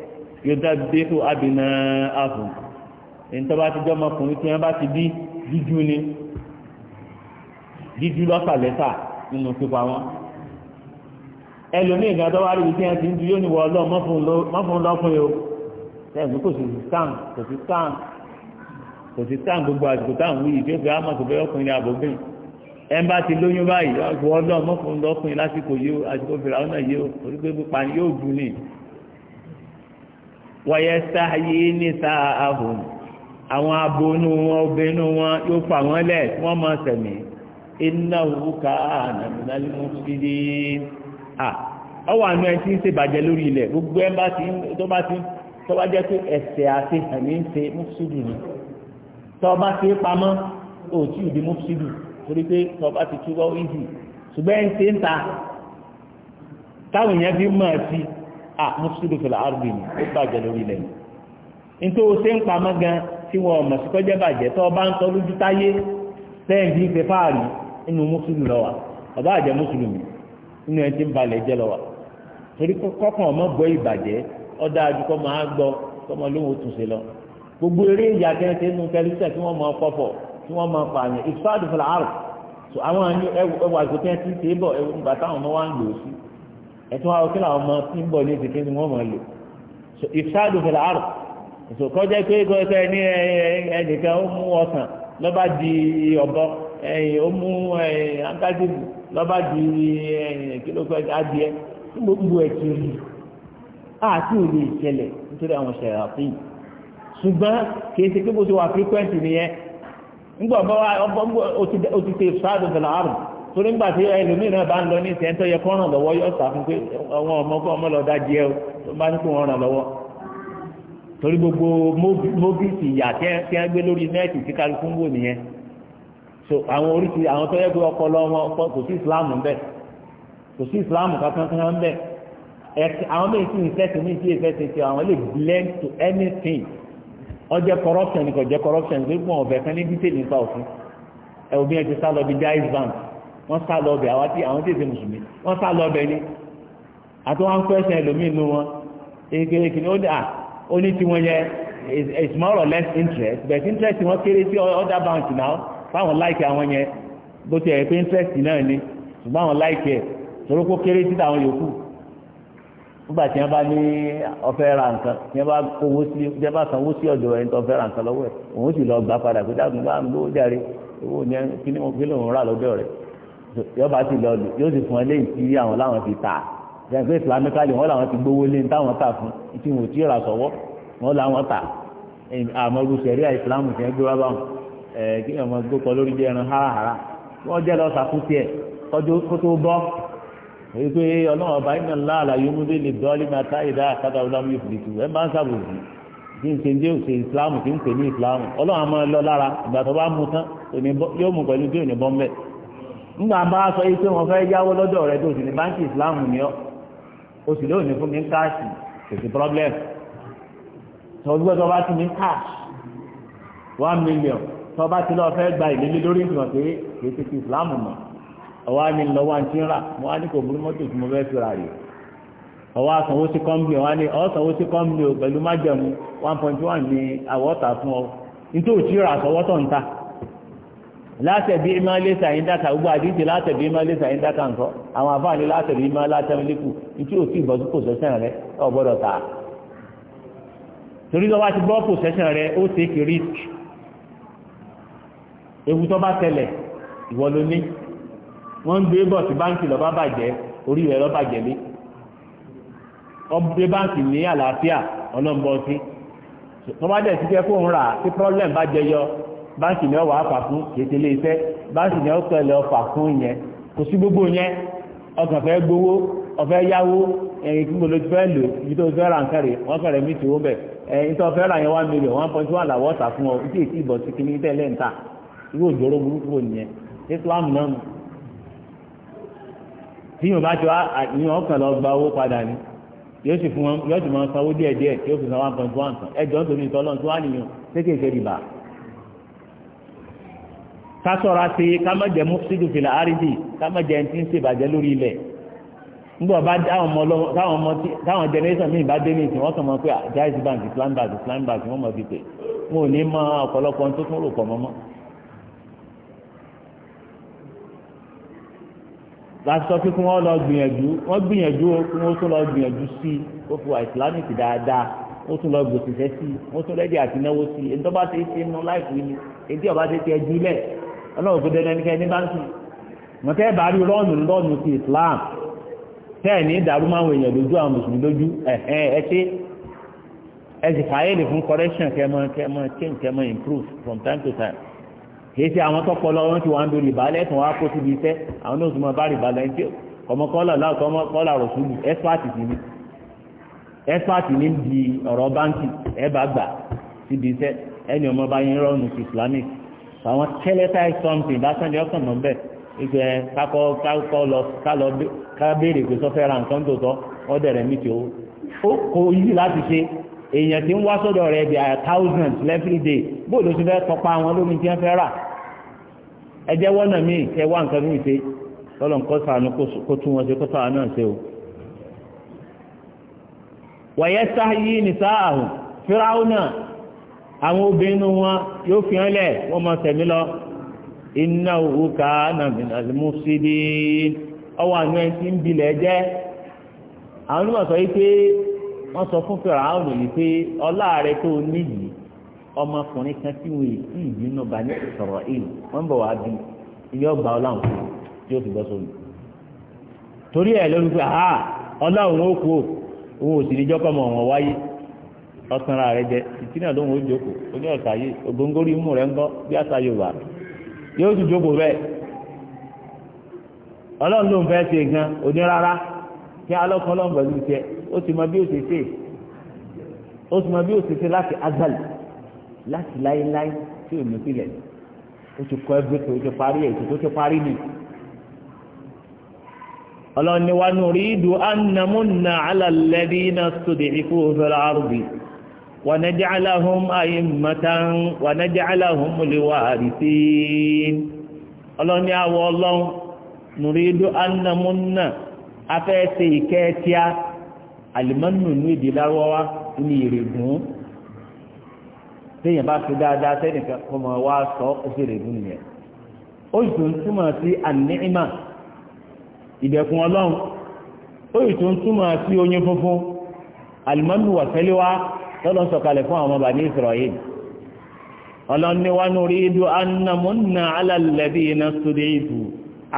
yóò dé tó abìnà ààfò ìntọ́ bá ti jọ ọmọkùnrin tí wọ́n ni jíjú lọ́sàlẹ́sà nínú pípa wọn ẹlòmíì gan tó wá rí ibi tí wọ́n ti ń du yóò ní wọ ọlọ́ mọ́fún lọ́fún yìí o ẹ̀sùn kò sì tán kò sì tán kò sì tán gbogbo àsìkò táwọn wíyì tí ó fi àmọ̀ tó bẹ́ẹ̀ ọkùnrin àbọ̀gbìn ẹnba ti lóyún báyìí wọ́n lọ́ mọ́fún lọ́fún yìí lásìkò yìí o àsìkò fìlà wayastahyi nisa'ahum àwọn abonú wọn obìnrin wọn yóò fà wọ́n lẹ̀ wọ́n mọ̀ sẹ̀mí innahu kana minal mufsidin à ọwọ́ àánú ẹ̀ tí ń ṣe bàjẹ́ lórí ilẹ̀ gbogbo ẹ̀ bá ti tó bá ti tó bá jẹ́ pé ẹ̀sẹ̀ àti ẹ̀mí ń ṣe mufsidu ni tó bá ti pamọ́ òtí ìdí mufsidu torí pé tó bá ti túbọ̀ ìdì ṣùgbọ́n ẹ̀ ń ṣe ń ta táwọn yẹn fi mọ̀ ọ́ sí à mùsùlùmí fìlà àrùbí ni ó bàjẹ́ lórí ilẹ̀ yìí nítorí o ṣe ń pamọ́ gan tí wọn ọmọ sí kọjá bàjẹ́ tó ọba ń tọ́ lójú táyé tẹ́ǹdì ìfẹ́ fáàrí inú mùsùlùmí lọ wà ọba àjẹ́ mùsùlùmí inú ẹ̀ ti ń balẹ̀ jẹ́ lọ wà torí kọ́kàn ọmọ gbọ́ ìbàjẹ́ ọ̀dà àdúgbò máa gbọ́ tọmọ lóhùn òtúnṣe lọ gbogbo eré ìyá kẹ́ńtẹ́ inú tẹlifíṣàn tí wọ́n máa kọ́fọ̀ tí wọ́n máa pààyàn ìfáàdùfọ̀lá àrùn so àwọn ẹwà ìkòtẹ́ ti ṣe é bọ̀ ẹgbà táwọn ọmọ wa ń lò ó sí ẹ̀tún àwọn kílà ọmọ tí ń bọ̀ ní ìsìnkú ni wọ́n mọ̀ lò ìfṣáàdù fẹ̀lẹ̀ àrùn ìṣòkọ́ jẹ́ pé kọ́kẹ́ ní ẹnìkan ó mú ọsàn lọ́ba di ọ̀bọ ó mú ankájìbù lọ́ba di kílókọ́ adìẹ tí mo ń bu ẹ̀kí rí àti òde ìṣẹ̀lẹ̀ nítorí àwọn ṣẹ̀rà fún yìí ṣùgbọ́n kì í ṣe pé bó ti wà frequent nìyẹn ńgbọ̀n bọ́ wa ó ti ṣe fẹ̀lẹ̀ àrùn torí ńgbà tí ẹlòmíì náà bá ń lọ ní ìsẹ́ńtọ́ yẹ kọ́ ràn lọ́wọ́ yọ sá fún pé àwọn ọmọ kọ́ ọmọ lọ́ọ́ dájí ẹ tó bá ní kó wọn ràn lọ́wọ́ torí gbogbo móbìsì ìyà tí wọ́n gbé lórí nẹ́ẹ̀tì tí kálukú ń wò nìyẹn so àwọn oríṣi àwọn tó yẹ pé ọpọlọ wọn kò sí ìsìláàmù ńbẹ kò sí ìsìláàmù kankan ńbẹ àwọn méjì sì ń fẹsẹ ní ìdí ìfẹsẹ ti àwọn lè blend to anything ọjẹ corruption kò jẹ corruption gbé pọn ọbẹ kan ní dítèlì nípa òfin ẹ òbí ẹ ti sá lọ bí jaiz bank wọ́n sá lọ bẹ̀ àwọn tí àwọn tí èsè mùsùlùmí wọ́n sá lọ bẹ̀ ni àti wọ́n fẹ́ sẹ́ ẹlòmíì wọn èkéle kìíní ó dà ó ní yẹ it's more or less interest but interest wọn kéré sí other bank náà fáwọn láìkì àwọn yẹn bó ti ẹ̀ pé interest náà ni ṣùgbọ́n àwọn láìkì ẹ̀ sọ̀rọ̀ kó kéré sí àwọn yòókù nígbà tí wọ́n bá ní ọ̀fẹ́ ra nǹkan tí wọ́n bá kówó sí tí wọ́n bá sanwó sí ọ̀dọ̀ ẹni tó fẹ́ ra nǹkan lọ́wọ́ ẹ̀ òun sì lọ gbà padà pé dáàbò bá ń lówó járe owó ni kí ni mo rà lọ́dọ̀ rẹ̀ yọba ti lọ lò yóò sì fún ẹ léyìí tí àwọn láwọn ti tà yàtọ̀ islamicali wọn làwọn ti gbowó lé táwọn tà fún tí wọn ò rà sọ́wọ́ wọn làwọn tà àmọ́ irú sẹ̀ríà ìsìlámù ń gbé wá báwọn ẹ̀ kí ọmọ gbókọ lórí jẹ́ ẹran hárahára wọ́n jẹ́ lọ sàkútì ẹ̀ kọjú kó tó èyí pé ọlọ́run ọba iná ńlá àlàyé múdé lè dọ́ọ́lì máa tá ìdá àkàtà ọlọ́mú ìfìdìtì ẹ̀ máa ń sàbòsì kí n ṣe ń jẹ́ òṣè ìsìlámù kí n pè ní ìsìlámù ọlọ́run àmọ́ ẹ lọ lára ìgbà tó bá mú tán yóò mú pẹ̀lú bí òní bọ́ńbẹ́ ńgbà bá sọ yìí pé wọ́n fẹ́ yáwó lọ́dọ̀ rẹ tó sì ní báńkì ìsìláàmù ni ọ́ o sì lóòní fún mi ń káàsì kò sí problem tó gbọ́dọ̀ bá ti ní káàsì one million tó bá ti lọ fẹ́ gba ìdílé lórí ìgbìmọ̀ pé kì í ti ti ìsìláàmù mọ̀ ọwọ́ ni lọ́wọ́ àti ń rà mo wá ní kò burú mọ́tò tí mo fẹ́ fi rà yìí ọwọ́ àsanwó sí kọ́mbì ọwọ́ ni ọ̀sanwó sí kọ́mbì pẹ̀lú májẹ̀mú one point one ni àwọ̀ta fún ọ látẹ̀bí ma lé sàyín dáka gbogbo àdíjì látẹ̀bí ma lé sàyín dáka nǹkan àwọn afáàní látẹ̀bí ma látẹ̀mílẹ́kù ìtí ò tí ì bọ́sí pòsẹ́sàn rẹ ọ̀gbọ́dọ̀ tà torí lọ́wọ́ ti bọ́ pòsẹ́sàn rẹ ó ṣe kí risk ewu tó bá tẹlẹ̀ ìwọ ló ní wọ́n ń gbé bọ̀ sí báńkì lọ́ba bàjẹ́ orí rẹ̀ lọ́ba jẹ̀ lé ọ̀gbẹ́ báńkì ní àlàáfíà ọlọ́mbọ́sí problem bá jẹyọ báńkì ni ó wà á fà fún kété ilé iṣẹ́ báńkì ni ó pẹ̀lẹ́ ọ̀fà fún ìyẹn kò sí gbogbo yẹn ọkàn fẹ́ gbowó ọ̀fẹ́ yáwó ẹ̀yìn kí gbolo fẹ́ lò ibi tó fẹ́ ra nǹkan rẹ̀ wọ́n fẹ́rẹ̀ mí tìwó bẹ̀ ẹ̀yìn tó fẹ́ ra yẹn one million one point one làwọ́ ta fún ọ ìdí èsì ìbọ̀ sí kíní tẹ́lẹ̀ ń ta irú òjòrò burúkú wò nìyẹn Islam náà nù tí yóò bá ti wá ní ọkàn lọ gba owó padà ni yóò sì fún wọn yóò sì máa sanwó díẹ̀díẹ̀ tí yóò fi san one point one kan ẹjọ́ nítorí ìtọ́lọ́ kásọ̀ra ṣe kámẹ́jẹ mufsidu fìlà árídì kámẹ́jẹ ti ń ṣèbàjẹ́ lórí ilẹ̀ nígbà bá táwọn ọmọ lọ táwọn ọmọ tí táwọn generation míì bá dé ní ìsìn wọn kàn mọ pé ah, jaiz bank islam bank islam bank wọn mọ fi pè wọn ò ní mọ ọ̀pọ̀lọpọ̀ tó tún rò pọ̀ mọ́mọ́. lásìkò pé kí wọ́n lọ gbìyànjú wọ́n gbìyànjú kí wọ́n tún lọ gbìyànjú sí ó fi wà islamic dáadáa ó tún lọ gbòsìṣẹ́ sí ó tún rẹ́dí àti náwó sí èyí tó bá ti ṣe é nu láìpẹ́ ni èyí tí ọba ti ṣe ẹjú lẹ̀ ọlọ́run kò dẹ́nu ẹnikẹ́ ní báńkì mọ̀tẹ́ bá rí lọ́ọ̀nù lọ́ọ̀nù ti Islam tẹ́ẹ̀ ní ìdàrú máa ń wọ èèyàn lójú àwọn mùsùlùmí lójú ẹ̀hẹ́n ẹ ṣe ẹ sì fàáyèlè fún correction kẹmọ kẹmọ change kẹmọ improve from time to time kì í ṣe àwọn tọpọ lọ wọn ti wà ń do rìbálẹ̀ ẹ̀sùn wa kó síbi iṣẹ́ àwọn náà tún máa bá rìbálẹ̀ ẹ̀jẹ̀ ọmọkọ́là láàtọ́ ọmọkọ́là rọ̀ṣùlù expert sí ni expert ní di ọ̀rọ̀ báńkì ẹ̀ bá gbà síbi iṣẹ́ ẹni ọmọ bá yín rọrùn sí Islamic àwọn tẹ́lẹ́tàì sọ́ǹtì lásán ni ọkàn mọ́ bẹ́ẹ̀ ìgbẹ́ kakọ́ kakọ́ lọ kálọ kábéèrè pé sọ́fẹ́ ra nǹkan tó tọ́ ọ́dẹ̀ rẹ̀ mí tí ó ó kò yí láti ṣe èèyàn tí ń wá sọ́dọ̀ rẹ̀ bí i thousand every day bóòdó ti fẹ́ tọpa wọn lómi tí wọ́n fẹ́ rà ẹjẹ́ wọ́nà míì kẹ wá nǹkan míì ṣe lọ́lọ́ nǹkan sàánú kó tún wọn ṣe kó sàánú náà ṣe o. wọ̀nyẹ́ sáyé nìsáàhùn fíráhùn náà àwọn obìnrin wọn yóò fi hàn lẹ̀ wọ́n mọ tẹ̀mí lọ iná òwú ká nàbìnàlímù sí bí ọwọ́ ti ń bilẹ̀ jẹ́ àwọn onímọ̀ sọ wípé wọ́n sọ fún àwọn òní pé tó ní yìí ọmọkùnrin kan tí wọ́n yìí tí ìbí náà bá ní sọ̀rọ̀ èyí wọ́n bọ̀ wá bí ilé torí ẹ̀ lórí pé ọláhùn ó kú òun ò sì ní mọ̀ wọ́n wáyé. ọtúnra rẹ jẹ ìtìnà lóhùn ó jókòó ó ní ọ̀sà yìí ògóńgórí mú rẹ ń gbọ́ bí àṣà yorùbá yóò sì jókòó bẹ́ẹ̀ ọlọ́run ló ń fẹ́ ṣe gan onírárá kí alọ́kan ọlọ́run pẹ̀lú tiẹ̀ ó ti mọ bí ó ṣe ṣe ó ti mọ bí ó ṣe ṣe láti azali láti láéláé tí ò ní sílẹ̀ ó ti kọ́ ẹgbẹ́ tó ti parí ètò tó ti parí ni. ọlọ́run ni wa nuridu an namunna ala alladhina stud'ifu fil wànẹ́jàláhùn Wa wànẹ́jàláhùn mulwarisin ọlọ́ni àwọ ọlọ́run nùrídó annamúnà afẹ́ẹ̀sẹ̀ ìkẹ́ẹ̀tíá alìmọ́nù ní èdè lárọ́wá ní ìrègùn bá fi dáadáa sẹ́nìkan kọ́ mọ́ wá sọ ó sì nìyẹn ó sì ń túmọ̀ sí àníìmà ìdẹ̀kùn ọlọ́run ó sì tún túmọ̀ sí oyin funfun alìmọ́nù wasaliwa. tọ́lọ́ sọ̀kalẹ̀ fún àwọn bani Israel ọlọ́ni wa nuridu anna munna ala alladhina stud'ifu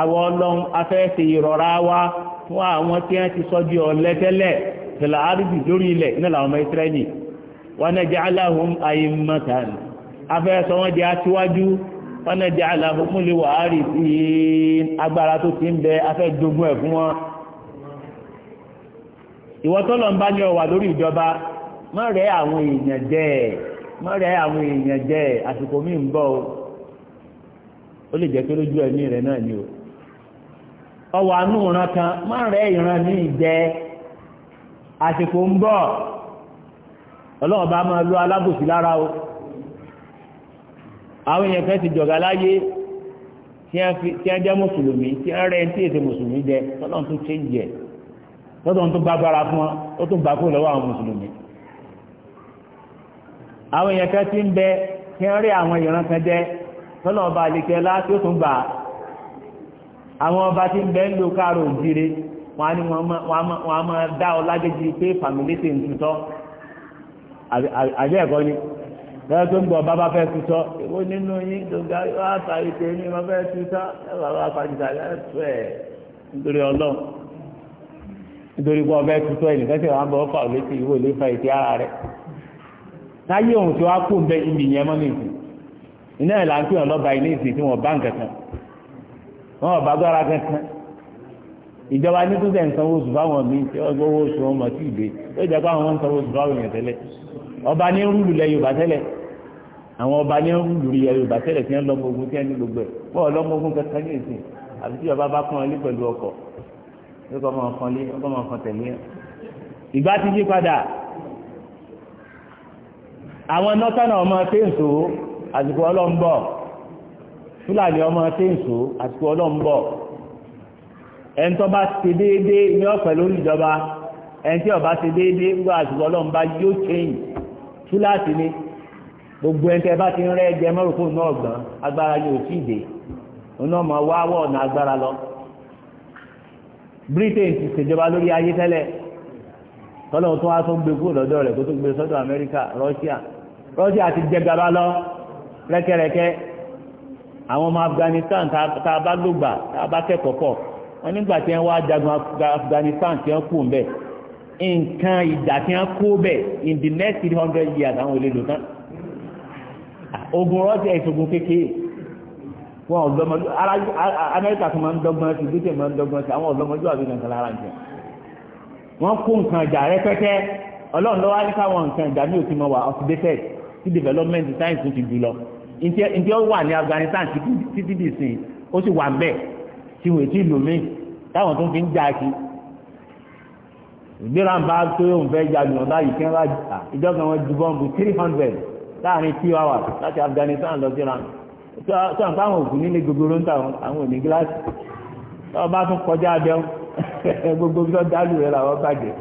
àwọn ọlọ́run afẹ́fẹ́ ìrọ̀rá wa fún àwọn tí wọ́n ti sọ di ọ̀lẹ́tẹ́lẹ̀ tẹ̀lá àrídì lórí ilẹ̀ ní làwọn ọmọ Israẹli wa naj'alahum a'immatan afẹ́sọ wọn jẹ́ aṣíwájú wa naj'alahumul warithin ń bá ní ọwà lórí ìjọba má rẹ àwọn èèyàn jẹ ẹ má àwọn o lè jẹ pé lójú ẹ̀mí rẹ náà ni o ọwọ àánú ìran kan rẹ ìran ní ìjẹ àsìkò ń bọ̀ ọlọ́run bá máa lo alábòsí lára o àwọn èèyàn ti jọ̀gá láyé tí a jẹ́ mùsùlùmí tí a rẹ̀ tí èsè mùsùlùmí jẹ tọ́lọ́n tó ṣe ń jẹ tọ́lọ́n tó bára fún ọ tó bá kó lọ́wọ́ àwọn mùsùlùmí àwọn èèyàn kan ti ń bẹ kí wọ́n rí àwọn ìran kan jẹ́ tọ́nà ọba àlekẹ́ láti ó tún gbà àwọn ọba ti ń bẹ ń káàrò òjire wọn á ní dá ọ lágéjì pé fàmílì ń tutọ́ àbí ẹ̀kọ́ ni lọ́wọ́ tó ń bá bá fẹ́ tutọ́ nínú yín ní fẹ́ tutọ́ táyé òun tí wàá kó ń bẹ ibi yẹn mọ́ nìyí iná ẹ̀ là ń pè wọn lọ́ba ilé ìsìn tí wọ́n bá nǹkan kan wọn ò bá gbára kankan ìjọba ní tó sẹ̀ ń sanwó oṣù fáwọn mi tí wọ́n gbọ́ oṣù wọn mọ̀ sí ìgbé ó jẹ́ pé àwọn wọn ń sanwó oṣù fáwọn èèyàn tẹ́lẹ̀ ọba ní rúlù lẹ Yorùbá tẹ́lẹ̀ àwọn ọba ní rúlù lẹ Yorùbá tẹ́lẹ̀ tí wọ́n lọ́mọ ogun tí wọ́n ní gbogbo ẹ̀ wọ́n lọ́mọ ogun kankan ní ìsìn àwọn nọ́tánà ọmọ téǹsó àsìkò ọlọ́mbọ̀ fúlàní ọmọ téǹsó àsìkò ọlọ́mbọ̀ ẹni tó bá ti déédé ní ọ̀pẹ̀ lórí ìjọba ẹni tí ọba ti déédé gbọ́ àsìkò ọlọ́mbà yóò change fúláàtì ni gbogbo ẹni tẹ́ bá ti ń rẹ́ ẹjẹ mọ́rùkún náà gbọ́n agbára yóò tí ì dé oná ọmọ wáwọ̀ ọ̀nà agbára lọ Britain ti ṣèjọba lórí ayé tẹ́lẹ̀ tọ́lọ́run tó wá tó ń gbé kúrò lọ́dọ̀ rẹ̀ tó tó gbé sọ́dọ̀ America, Russia rọ́sí àti jẹgàba lọ rẹ́kẹ́rẹ́kẹ́ àwọn ọmọ Afghanistan ta a bá lògbà tá a bá kẹ́kọ̀ọ́ pọ̀ wọn nígbà tí wọ́n wá jagun Afghanistan tí wọ́n kú ń bẹ̀ nǹkan ìjà tí wọ́n kó bẹ̀ in the next three hundred years àwọn olè lò tán ogun rọ́sí ẹ̀sùn ogun kékeré wọn ọ̀dọ́mọ ara Amẹ́ríkà tó máa ń dọ́gbọ́n sí britain máa ń dọ́gbọ́n sí àwọn ọ̀dọ́mọdé àbí nǹkan lára nǹkan wọ́n kó nǹkan ìjà rẹpẹtẹ ọlọ́run lọ́wọ́ á ní káwọn nǹkan ìjà ní òtún mọ́ wa oxidated tí development science tó ti jù lọ ntí ó wà ní Afghanistan títí dì sí ó sì wà mbẹ tí wọn ti lò mí táwọn tó fi ń já kí ìgbéra ń bá pé òun fẹ́ ya lùwọ̀n báyìí kí wọ́n bá jà ìjọba wọn ju bọ́ǹbù three hundred láàrin two hours láti Afghanistan lọ síra sọ nǹkan àwọn òkú nílé gogoro ń ta àwọn òní gíláàsì tọ́ ọ bá tún kọjá abẹ́ *laughs* gbogbo bí dálù rẹ̀ làwọn bàjẹ́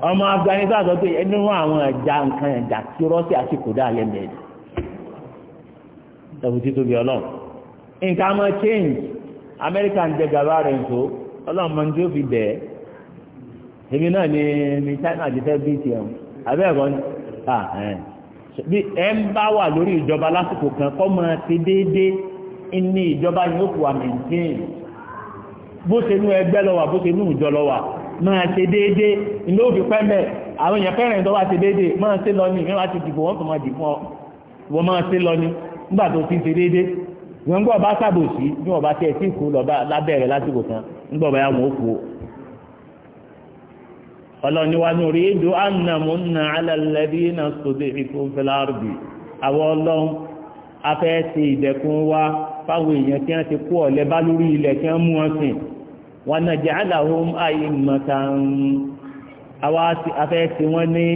ọmọ Afghanistan sọ pé ẹni wọn àwọn ẹja nǹkan ẹja tí rọ́ọ̀sì àti kòdà yẹn bẹ̀rẹ̀ ẹ̀bùn tí tóbi ọlọ́run nǹkan mọ́ change Amẹ́ríkà ń jẹ gàba rẹ̀ ń tó ọlọ́run mọ́ tí ó fi bẹ̀ ẹ́ èmi náà ni ni China ti fẹ́ bí tiẹ̀ wọn abẹ́ ẹ̀kọ́ ni bí ẹ ń bá wà lórí ìjọba lásìkò kan kọ́ mọ́ ti déédéé ní ìjọba yóò kù àmì bó ṣe nú ẹgbẹ́ lọ bó ṣe nú ìjọ lọ máa ṣe déédéé ìlú òfin pẹ́mẹ́ àwọn èèyàn fẹ́ràn ìdọ́wà ṣe déédéé máa ṣe lọ ní ìwọ́n ti dìbò wọ́n tó máa dìbò wọ́n máa ṣe lọ ní nígbà tó ti ṣe déédéé ìwọ́n gbọ́ bá ṣàbòsí bí wọ́n bá tẹ̀ sí ìkú lọ lábẹ́rẹ̀ lásìkò kan nígbà bá yà wọ́n kú o. ọlọ́ni wa ní orí ìdó ànàmúnà alẹ́lẹ́bí náà sódé ìfún fẹ́láàrùbì àwọn ọlọ́run afẹ́ ti ìdẹ̀kùn wa fáwọn èèyàn tí wọ́n ti kú ọ̀lẹ́ bá lórí ilẹ̀ tí wọ́n mú wọn sìn wa naj'alahum a'immatan àwa afẹ́ tí wọ́n ní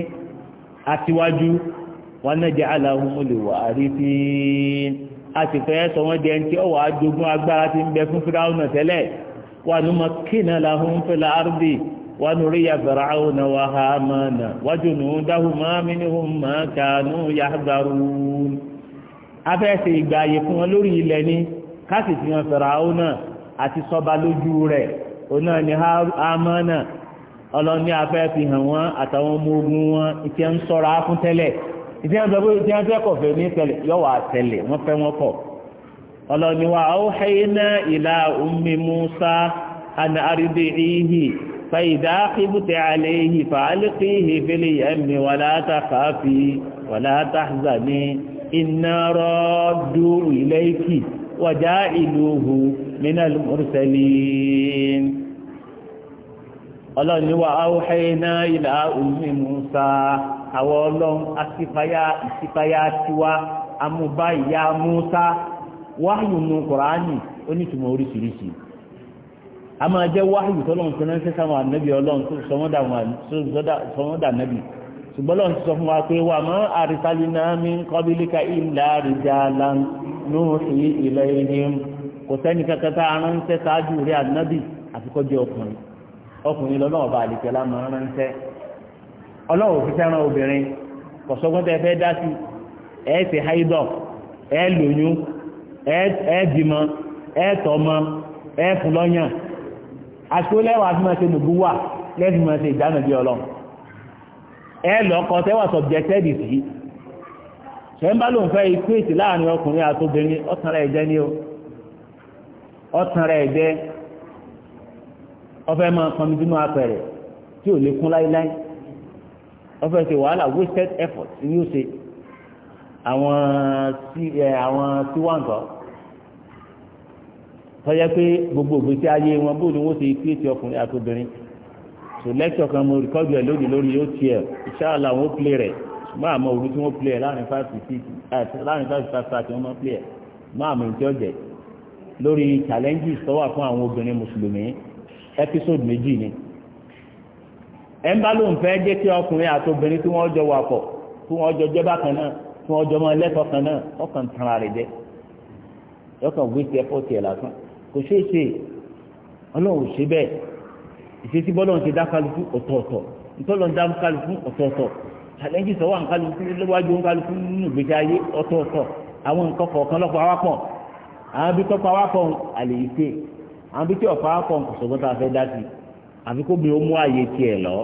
aṣíwájú wa naj'alahumul warithin a ti fẹ́ sọ wọ́n jẹ́ tí ó wà jogún agbára ti ń bẹ fún fíráúnà tẹ́lẹ̀ wa numakkina lahum fil ardi wa nuriya wọn lórí ilẹ̀ ni àti sọba lójú rẹ̀ onáà ni amánà ọlọ́ni afẹ́ fi hàn wọ́n àtàwọn ọmọ ogun wọn ìfẹ́ ń sọ́ra fún tẹ́lẹ̀ ìfẹ́ ń sọ pé ìfẹ́ ń fẹ́ kọ̀ fẹ́ ní tẹ́lẹ̀ yọ̀wọ̀ àtẹ̀lẹ̀ wọ́n fẹ́ wọn kọ̀ ọlọ́ni wa awhayna ila ummi Musa an ardi'ihi fa idha khifti alayhi fa alqihi fil yammi wa la takhafi wa la tahzani inna radduhu ilayki wa ja'iluhu minal mursalin ọlọ́run ni wà áwọ́hẹ́ná ilà omi musa àwọn ọlọ́run asípayá ìsípayá tiwa amúbá ìyá musa wáyù nu kùránì onítùmọ̀ oríṣiríṣi a máa jẹ́ wáyù tọ́lọ́run tó ránṣẹ́ sáwọn ànábì ọlọ́run tó sọmọ́dà ànábì ṣùgbọ́n lọ́run ti sọ fún wa pé wà mọ́ àrísálínà mi ń kọ́bílíkà ìlà àríjàlá lóhùn ilẹ̀ ìhìn kò sẹ́ni ọkùnrin lọ́nà ọba àlìkẹ́ lámọ̀ ránṣẹ́ ọlọ́run òfin fẹ́ràn obìnrin kọ̀sọ́gbọ́n tẹ́ fẹ́ dá sí ẹ ṣe haidọ̀ ẹ lóyún ẹ bímọ ẹ tọmọ ẹ fún lọ́yàn àti olẹ́wà fi máa ṣe nùbú wà lẹ́fi máa ṣe ìdáná bí ọlọ́run ẹ lọ́kọ tẹ́wà subjected sí ṣẹ́ńbà ló ń fẹ́ ikú èsì láàrin ọkùnrin àtobìnrin ọ̀tàn rẹ̀ ọfẹ máa pọnmi sínú apẹ̀rẹ̀ tí ò lè kún láíláí ọfẹ ṣe wàhálà wasted effort ni ó ṣe àwọn tí ẹ àwọn tí wọ́n ń kọ́ tọ́jà pé gbogbo ìgbésí ayé wọn bóòlù wọn ti kí ètò ọkùnrin àti obìnrin so lẹ́kítọ̀ kan mo rìkọ́dù ẹ̀ lónìí lórí otl ìṣáàlà wọn ó play rẹ̀ ṣùgbọ́n àmọ́ òru tí wọ́n play ẹ̀ láàrin five to six láàrin five to five thirty wọ́n máa play ẹ̀ máa mọ̀ ní tí ó jẹ́ lórí challenges tó wà fún àwọn obìnrin mùsùlùmí episode méjì ni ẹ ń bá lóun fẹ́ jẹ́ kí ọkùnrin àti obìnrin tí wọ́n jọ wà pọ̀ tí wọ́n jọ jẹ́ bákan náà tí wọ́n jọ mọ ẹlẹ́tọ̀ọ́ kan náà ọkàn tanra rẹ̀ jẹ́ ọkàn wí tiẹ̀ fọ́ tiẹ̀ lásán kò ṣeé ṣe ọlọ́run ṣe bẹ́ẹ̀ ìṣesí bọ́lọ́run ti dá kálukú ọ̀tọ̀ọ̀tọ̀ ntọ́lọ́ ń dá kálukú ọ̀tọ̀ọ̀tọ̀ challenge sọ wà ń kálukú nínú ìgbésí ayé ọ̀tọ̀ọ̀tọ̀ àwọn nǹkan kọ̀ọ̀kan lọ́pọ̀ awápọ̀ àwọn bí tọ́pọ̀ àlè ìṣe àbí tí ọ̀pá akọ̀ nkùsọ̀gbọ́n tá a fẹ́ dá sí àfi kó mi ó mú àyè tiẹ̀ lọ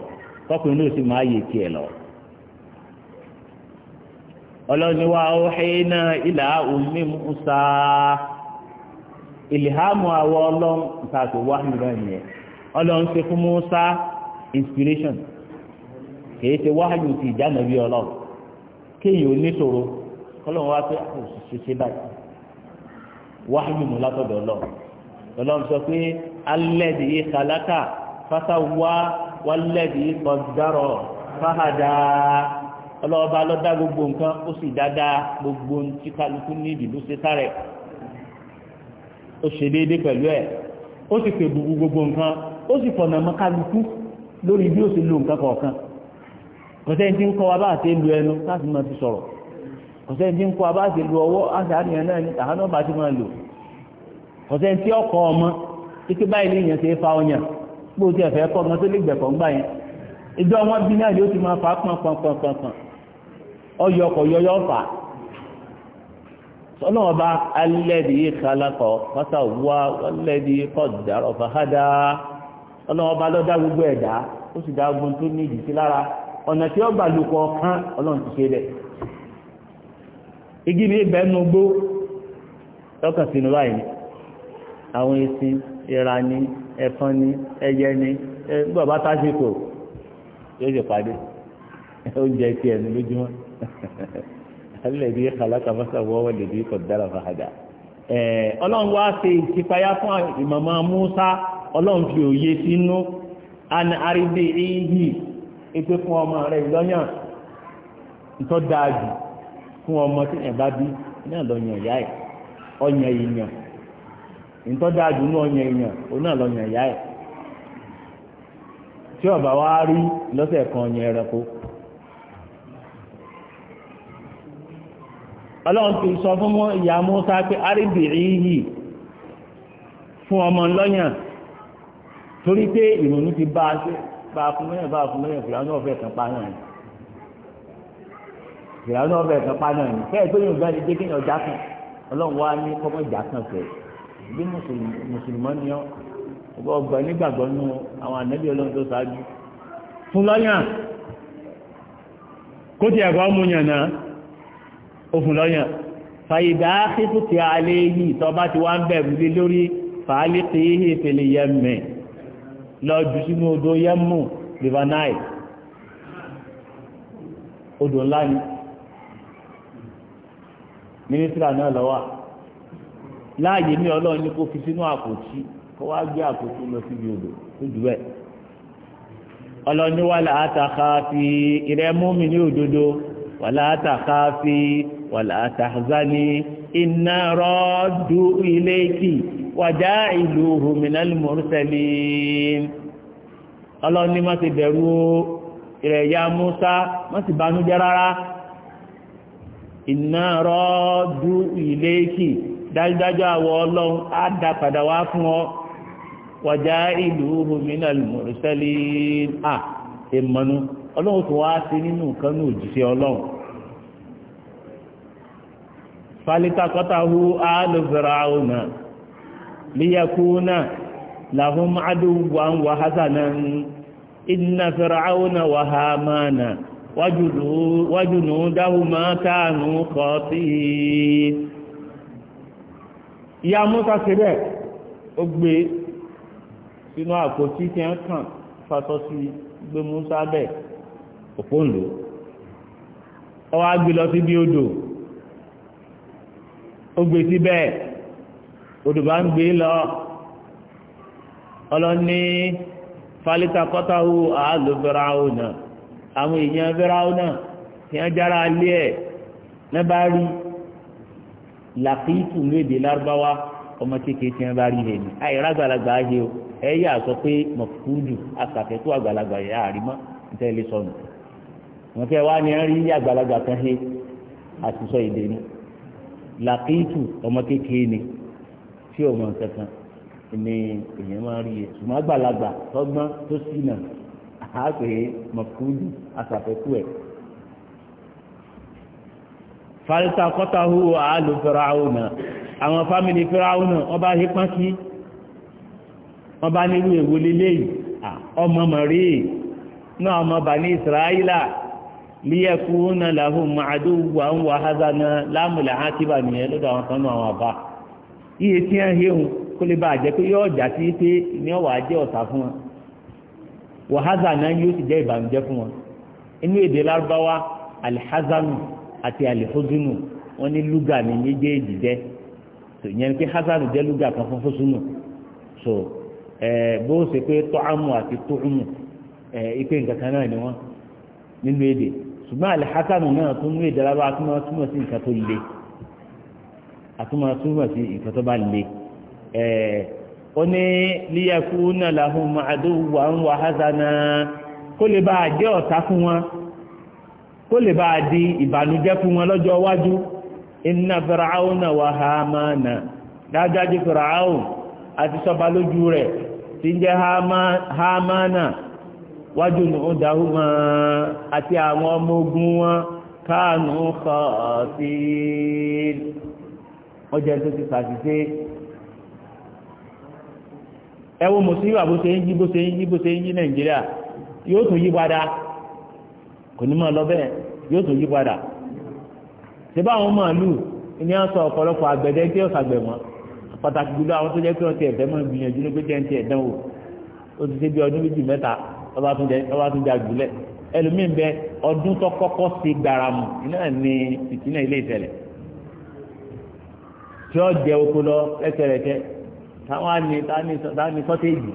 kọkùnrin náà sì mú àyè tiẹ̀ lọ. ọlọ́ni wa awhayna ila ummi Musa ìlìhámù àwọ̀ ọlọ́run nǹkan wá nìkan nìyẹn ọlọ́run ṣe fún Musa inspiration kìí ṣe wáhàyù ti ìjánu bí ọlọ́run kéèyàn oníṣòro kọ́lọ́run wá pé ah, ṣe báyìí wáhàyù mú látọ̀dọ̀ ọlọ́run. ọlọ́run sọ pé alẹ́dì yìí fásáwá wálẹ́dì yìí fáhàdá ọlọ́ọba lọ́dá gbogbo nǹkan ó sì gbogbo tí kálukú ní ìdìbò ṣe sáré ó ṣe déédé pẹ̀lú ẹ̀ ó sì pè gbogbo nǹkan ó sì fọ̀nà mọ́ kálukú lórí bí ó lo nǹkan kọ̀ọ̀kan kọ̀sẹ́ ti ń kọ́ wa bá lu ẹnu láti ọ̀sẹ̀ tí ọkọ̀ ọmọ títí báyìí ní ìyẹn ṣe é fa ọyàn gbó tí ẹ̀fẹ́ kọ́ ọmọ tó lè gbẹ̀kọ́ ńgbà yẹn ìjọ wọn bí náà yóò ti máa fa pọnpọnpọnpọn ọyọ ọkọ̀ yọyọ fà sọ́nà ọba alẹ́dì yìí kálákọ̀ pátá wá ọlẹ́dì kọ́ dàrọ̀ fàhádà ọ̀nà ọba lọ́dá gbogbo ẹ̀dá ó sì dá ogun tó ní ìdí sí lára ọ̀nà tí ó gbàlùkọ̀ kan ọlọ́run ti ṣe bẹ̀ igi ní ibẹ̀ nu gbó lọ́kàn sínú báyìí àwọn esin ìra ni ẹ̀fọn ni ẹyẹ ni nígbà bá tásìkò yóò ṣe pàdé *laughs* oúnjẹ tiẹ̀ ní lójúmọ́ alẹ́bí kàlákà mọ́sàwọ́ wọ́n lè bí kọ̀dára fàhàdà ọlọ́run wá ṣe ìṣípayá fún ìmọ̀mọ́ Musa ọlọ́run fi òye sínú an àrídé èyí ipé fún ọmọ rẹ̀ lọ́yàn ìtọ́ dáa jù fún ọmọ tí ẹ̀ bá bí náà lọ́yàn ìyá ẹ̀ ọ̀yàn èèyàn ntọ́jà àdúnú ọ̀yàn èèyàn òun náà lọ́yàn ìyá ẹ̀ tí ọba wa rí lọ́sẹ̀ kan ọ̀yàn ẹranko. ọlọ́run ti sọ fún ìyá Musa pé arábìnrin yìí fún ọmọ lọ́yàn torí pé ìrònú ti bá a ṣe bá a fún mẹ́rin bá a fún mẹ́rin fìlà náà fẹ́ kàn pa náà ni fìlà náà fẹ́ kàn pa náà ni fẹ́ẹ̀ tó yóò gbá ni dé kéèyàn já kan ọlọ́run wa ní kọ́mọ́ já kan fẹ́ẹ́ bí mùsùlùmọ́ ni ọ́ ọgbà nígbàgbọ́ nínú àwọn ànábì ọlọ́run tó ṣáájú fún lọ́yà kó ti ẹ̀kọ́ mú yàn náà ó fún lọ́yà fàyídà kíkú ti alẹ́ yìí tọ́ba ti wá ń bẹ̀rù lé lórí fàálì tí ihe ìpele yẹmẹ lọ jù sínú odò yẹmú river nile odò ńlá ni mínísírà náà lọ́wọ́ láàyè ní ọlọ́run ní kó fi sínú àpótí kó wá gbé àpótí lọ síbi odò tó jù bẹ́ẹ̀ ọlọ́ni wà láàtàkà fi ìrẹ́mú mi ní òdodo wà láàtàkà fi wà láàtàkà ní iná rọ́ọ̀dù ilé kì wàjá ìlú hominal mursalin ọlọ́ni má ti bẹ̀rù ìrẹ̀yà Musa má ti banújẹ́ rárá iná rọ́ọ̀dù ilé kì dájúdájú àwọ̀ ọlọ́run á dá padà wá fún ọ wàjá ìlú gómìnà mọ̀rẹ́sẹ́lì à ìmọ̀nù ọlọ́run tó wá sí nínú nǹkan ní òjíṣẹ́ ọlọ́run falitakọ́tahu alùfẹ́ràhùnà líyàkúnà làhùn àdúgbàn wà hásánà inna fẹ́ràhùnà wà hàmánà wájùnú dáhùn máa káànù kọ́ sí i ìyá Musa ṣe bẹ́ẹ̀ ó gbé sínú àpótí tí ń kàn fasọ sí gbé Musa bẹ́ẹ̀ òpó ńlò ó wá gbé lọ síbi odò ó gbé síbẹ̀ odò bá ń gbé lọ ọlọ́ni falitakọ́tahu àádọ́ fẹ́ráhùn náà àwọn èèyàn fẹ́ráhùn náà tí wọ́n jára lé ẹ̀ lẹ́bàá rí i. làkìtù ní èdè lárúbáwá ọmọ kékeré tí wọn bá rí lẹ́nu àìrá àgbàlagbà á o ẹ yà sọ pé mọ̀kúdù àkàtẹ́tù àgbàlagbà àrímọ́ níta ilé sọnù wọn fẹ́ wá ní rí àgbàlagbà kan ṣe àtisọ èdè ni làkìtù ọmọ kékeré ni tí ọmọ kankan ni èèyàn máa rí yẹ e. ṣùgbọ́n àgbàlagbà tọ́gbọ́n fàrísà kọ́tàhù àálù fìràúnà àwọn fámìlì fìràúnà wọ́n bá hípán kí wọ́n bá nírú èwo lélẹ́yìí ọmọ mọ̀rí náà ọmọ bà ní ìsìráìlà liyakuna lahum àdúgbò wa hazana lámùlẹ̀ àtìbà nìyẹn lọ́dọ̀ àwọn kan náà wà bá iye tí wọ́n híhun kó lè bá jẹ́ pé yóò jà sí pé ní ọ̀wà jẹ́ ọ̀tá fún wọn wàhazana yóò sì jẹ́ ìbànújẹ́ fún wọn inú èdè lárúbáwá alhazanu àti àlìfósùnù wọn ní lúgà ní méjèèjì jẹ tó yẹn pé hasanu jẹ lúgà kan fún fósùnù so ẹ bó ṣe pé tọ́hámù àti tóhámù ẹ ipe nǹkan kan náà ni wọn nínú èdè ṣùgbọ́n àlìhásánù náà tún ní èdè alábá àtúmọ̀ túmọ̀ sí nǹkan tó le àtúmọ̀ túmọ̀ sí nǹkan tó bá le ẹ ó ní líyàkú náà làhùn máa dó wà ń wà hásánà kó lè bá àjẹ́ ọ̀tá fún wọn kó lè bá a di ìbànújẹ́ fún wọn lọ́jọ́ iwájú inna fìràáhùnà wà hàmánà dájájú fìràáhùn àti sọba lójú rẹ̀ tí ń jẹ́ hàmánà wájú nù dáhùmá àti àwọn ọmọ ogun wọn káànù kọ̀ọ̀tì ọjà tó ti ń yí bóṣe ń ń yí nàìjíríà yóò tún yí padà kò ní máa lọ bẹ́ẹ̀ yóò tún yí padà síbá àwọn màálù ní à ń sọ ọ̀pọ̀lọpọ̀ àgbẹ̀dẹ tí ó sàgbẹ̀ mọ́ pàtàkì jùlọ àwọn tó jẹ́ pé ọtí ẹ̀fẹ́ máa gbìyànjú ní pé jẹ́ ń ti ẹ̀dán o ó ti ṣe bí ọdún méjì mẹ́ta ọba tún jẹ àgbìlẹ̀ ẹlòmíín bẹ ọdún tó kọ́kọ́ sí gbàràmù náà ní ìtìlẹ̀ ilé ìtẹ̀lẹ̀ tí ó jẹ oko lọ lẹ́sẹ̀rẹ̀kẹ́ táwọn á ní táwọn ní sọ́téèjì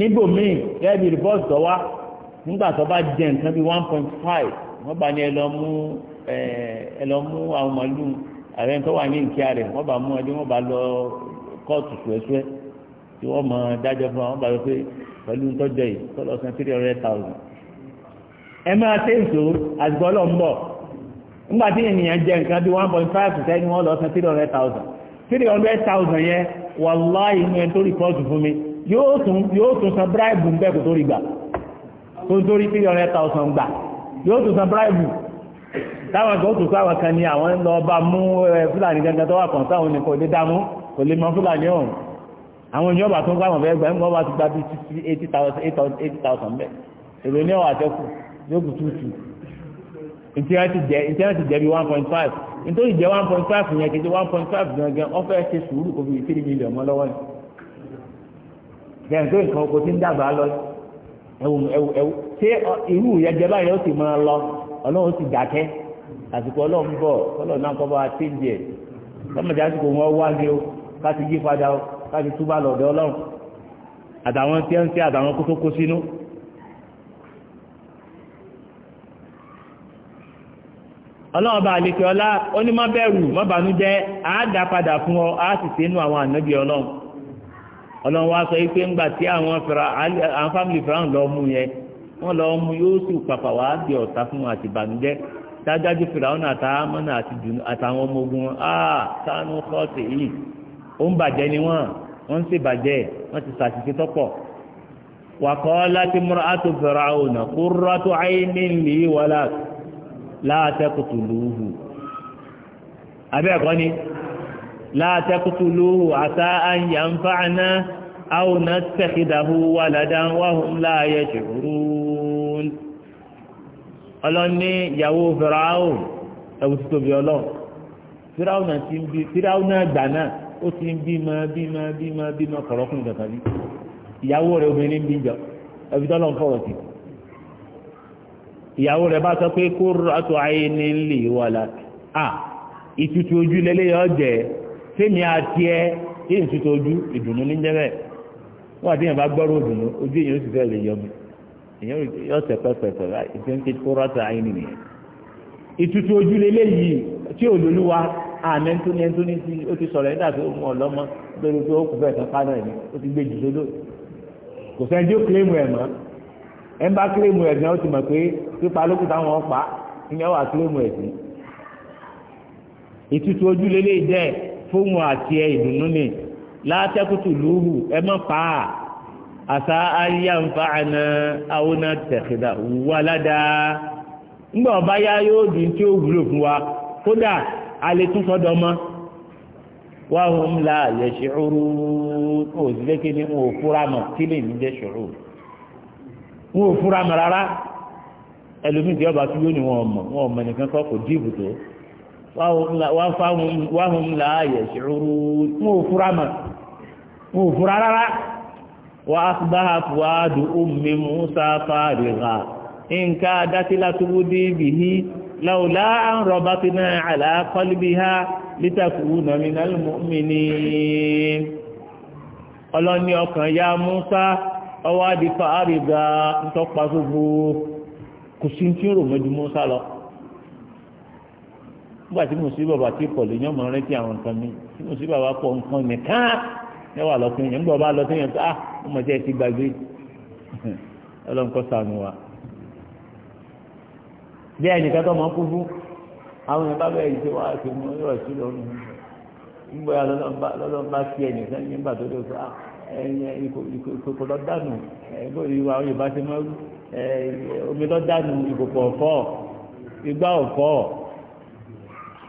níbòmíì kẹ́ẹ̀bì rìpọ́ọ̀tì tọ́wá nígbà tó bá jẹ nǹkan bíi one point five wọ́n bá ní ẹ lọ mú ẹ lọ mú àwọn màlúù ààrẹ tó wà ní ìkíá rẹ̀ wọ́n bá mú ẹdí wọ́n bá lọ kóòtù suẹ́suẹ́ tí wọ́n mọ dájọ́ fún wa wọ́n bá lọ pé pẹ̀lú ntọ́jọ yìí tó lọ san three hundred thousand. ẹ máa ṣe èso àsìkò ọlọ́mbọ̀ nígbà tí ènìyàn jẹ nǹkan bíi one point five percent wọ́n lọ san three hundred thousand three hundred thousand yẹn wàláì inú ẹ̀ tó rìpọ́ọ̀tù fún mi yóò tún san bíráìbù ń bẹ́ẹ̀ kó tó rí gbà tó ń torí three hundred thousand gbà yóò tún san bribe táwọn kan ó tún sáwọn kan ní àwọn lọ bá mú fúlàní gangan tó wà kàn sáwọn ní kò lè dámú kò lè mọ fúlàní ọ̀hún àwọn èèyàn bá tún gbàmọ̀ fẹ́ gbà ń gbọ́ bá ti gba bí sixty eighty thousand eighty thousand bẹ́ẹ̀ èrò ní ọ̀wà àtẹ́kù yóò kù two two ìtìrẹ́tì jẹ́ ìtìrẹ́tì jẹ́ bí one point five nítorí jẹ́ one point five yẹn kejì one point five gangan ọ̀fẹ́ ṣe sùúrù kò fi three million mọ́ lọ́wọ́ ni. jẹ́ nítorí nǹkan oko ti ń dàgbà lọ́yìn ẹwù ẹwù ẹwù ṣé irú ìyẹjẹ báyìí ó sì máa lọ ọlọ́run sì dákẹ́ àsìkò ọlọ́run bọ̀ ọlọ́run náà kọ́ bá wa ṣe ń jẹ lọ́mọdé àsìkò wọn wá ní o ká ti yí padà o ká ti túbà lọ́dọ̀ ọlọ́run àtàwọn tí ń ṣe àtàwọn kótó kó sínú. ọlọ́run bá àlekè ọlá ó ní má bẹ̀rù má bànújẹ́ àá dá padà fún ọ àá sì sínú àwọn ànábì ọlọ́run ọlọ́run wá sọ wípé ńgbà tí àwọn fámìlì fìràwọ̀n lọ mú yẹn wọ́n lọ mú Yúsúfù pàpà wá di ọ̀tá fún wọn àti ìbànújẹ́ dájájú fìràwọ̀n àtàmọ́nà àtàwọn ọmọ ogun wọn áà ah, sánú kọ́ọ̀tì yìí ó ń bàjẹ́ ni wọ́n wọ́n ń ṣe bàjẹ́ wọ́n ti ṣàṣìṣe tọ́pọ̀ وقالت امرأة فرعون قرة عين لي ولا لا تقتلوه أبي أقولني la taqtuluhu asa an yanfa'na aw nattakhidahu waladan wa hum la yash'urun ọlọ́ni ìyàwó fìràáwò ẹ̀wù ti tóbi ọlọ́ fìràáwò náà ti ń bí fìràáwò náà gbà náà ó ti ń bímọ bímọ bímọ bímọ kọ̀rọ̀kùnrin kankan bí ìyàwó rẹ̀ obìnrin bí jọ ẹbí tọ́lọ́ ń ìyàwó rẹ̀ bá sọ pé kó rọ́tò ayé ní lè wà lá ìtutù ojú lélẹ́ jẹ́ tèmi àti ẹ tí n tutù ojú ìdùnnú ní jẹ́bẹ̀ wọ́n àti yẹn bá gbọ́rọ̀ ìdùnnú ojú èyàn sì fẹ́ lè yọ mi èyàn yọ tẹ pẹ́pẹ́pẹ́ ìfẹ́ ń tètè kóra ta ayé nìyẹn ìtutù ojú lélẹ́yìí tí olólùwà àmì ntúni ntúni ti ó ti sọ̀rọ̀ ẹ̀dá tó mú ọlọ́mọ lórí pé kù fẹ́ kankan náà ni ó ti gbé jù sódò kò sẹ́ni tí ó kílèmù ẹ̀ mọ́ ẹ̀ ń bá kílèmù ẹ̀ gan ó ti mọ̀ pé pípa lókùtà àwọn ọ̀pá ìyẹn wà kílèmù ẹ̀ sí ìtutù ojú lélẹ́yìí dẹ́ fóun àti ẹ ìdùnnú ni látẹ́kùtù lóhù ẹ mọ́ pa á àṣà ayé àǹfà àna àwọnà tẹ̀sídà wà ládàá ńgbà ọba yá yóò di tí ó wúlò fún wa kódà a tún mọ́ wáhùn ńlá yẹ̀ṣẹ̀ òru òsìlékè ní wọn ò fúra mọ̀ kí lè ní jẹ́ ṣòro wàhùn láàyè ṣòro mú òfúra mọ̀ mú òfúra rárá wà á bá fùwádù ummi musa fàrìhà nǹkan dátìlá túbú dìbì hí láwùlá an rọ̀bátínà àlàkọ́lùbí ha lítakùú nàmínà mọ́mìnì ọlọ́ni ọkàn ya musa ọwá di fàárìgà ń tọ́pa gbogbo kùsùn tí ó rò mọ́jú musa lọ nígbà tí mùsùlùmí bàbá ti pọ̀ lè yàn mọ́ rántí àwọn nǹkan mi tí mùsùlùmí bàbá pọ̀ nǹkan nìkan ẹ wà lọ yẹn nígbà bá lọ fún yẹn tó ah ọmọ jẹ́ ti gbàgbé *laughs* ọlọ́nkọ́ sànù wa. bí ẹnìkan tó máa kú fún àwọn yẹn bá bẹ̀rẹ̀ ìṣe wá àti mú ọ̀rọ̀ sí lọ́nu nígbà lọ́lọ́mbà sí ẹnìkan nígbà tó dé sọ ìkòkò ah, lọ dànù ìwà òye bá ti mọ́ omi lọ dànù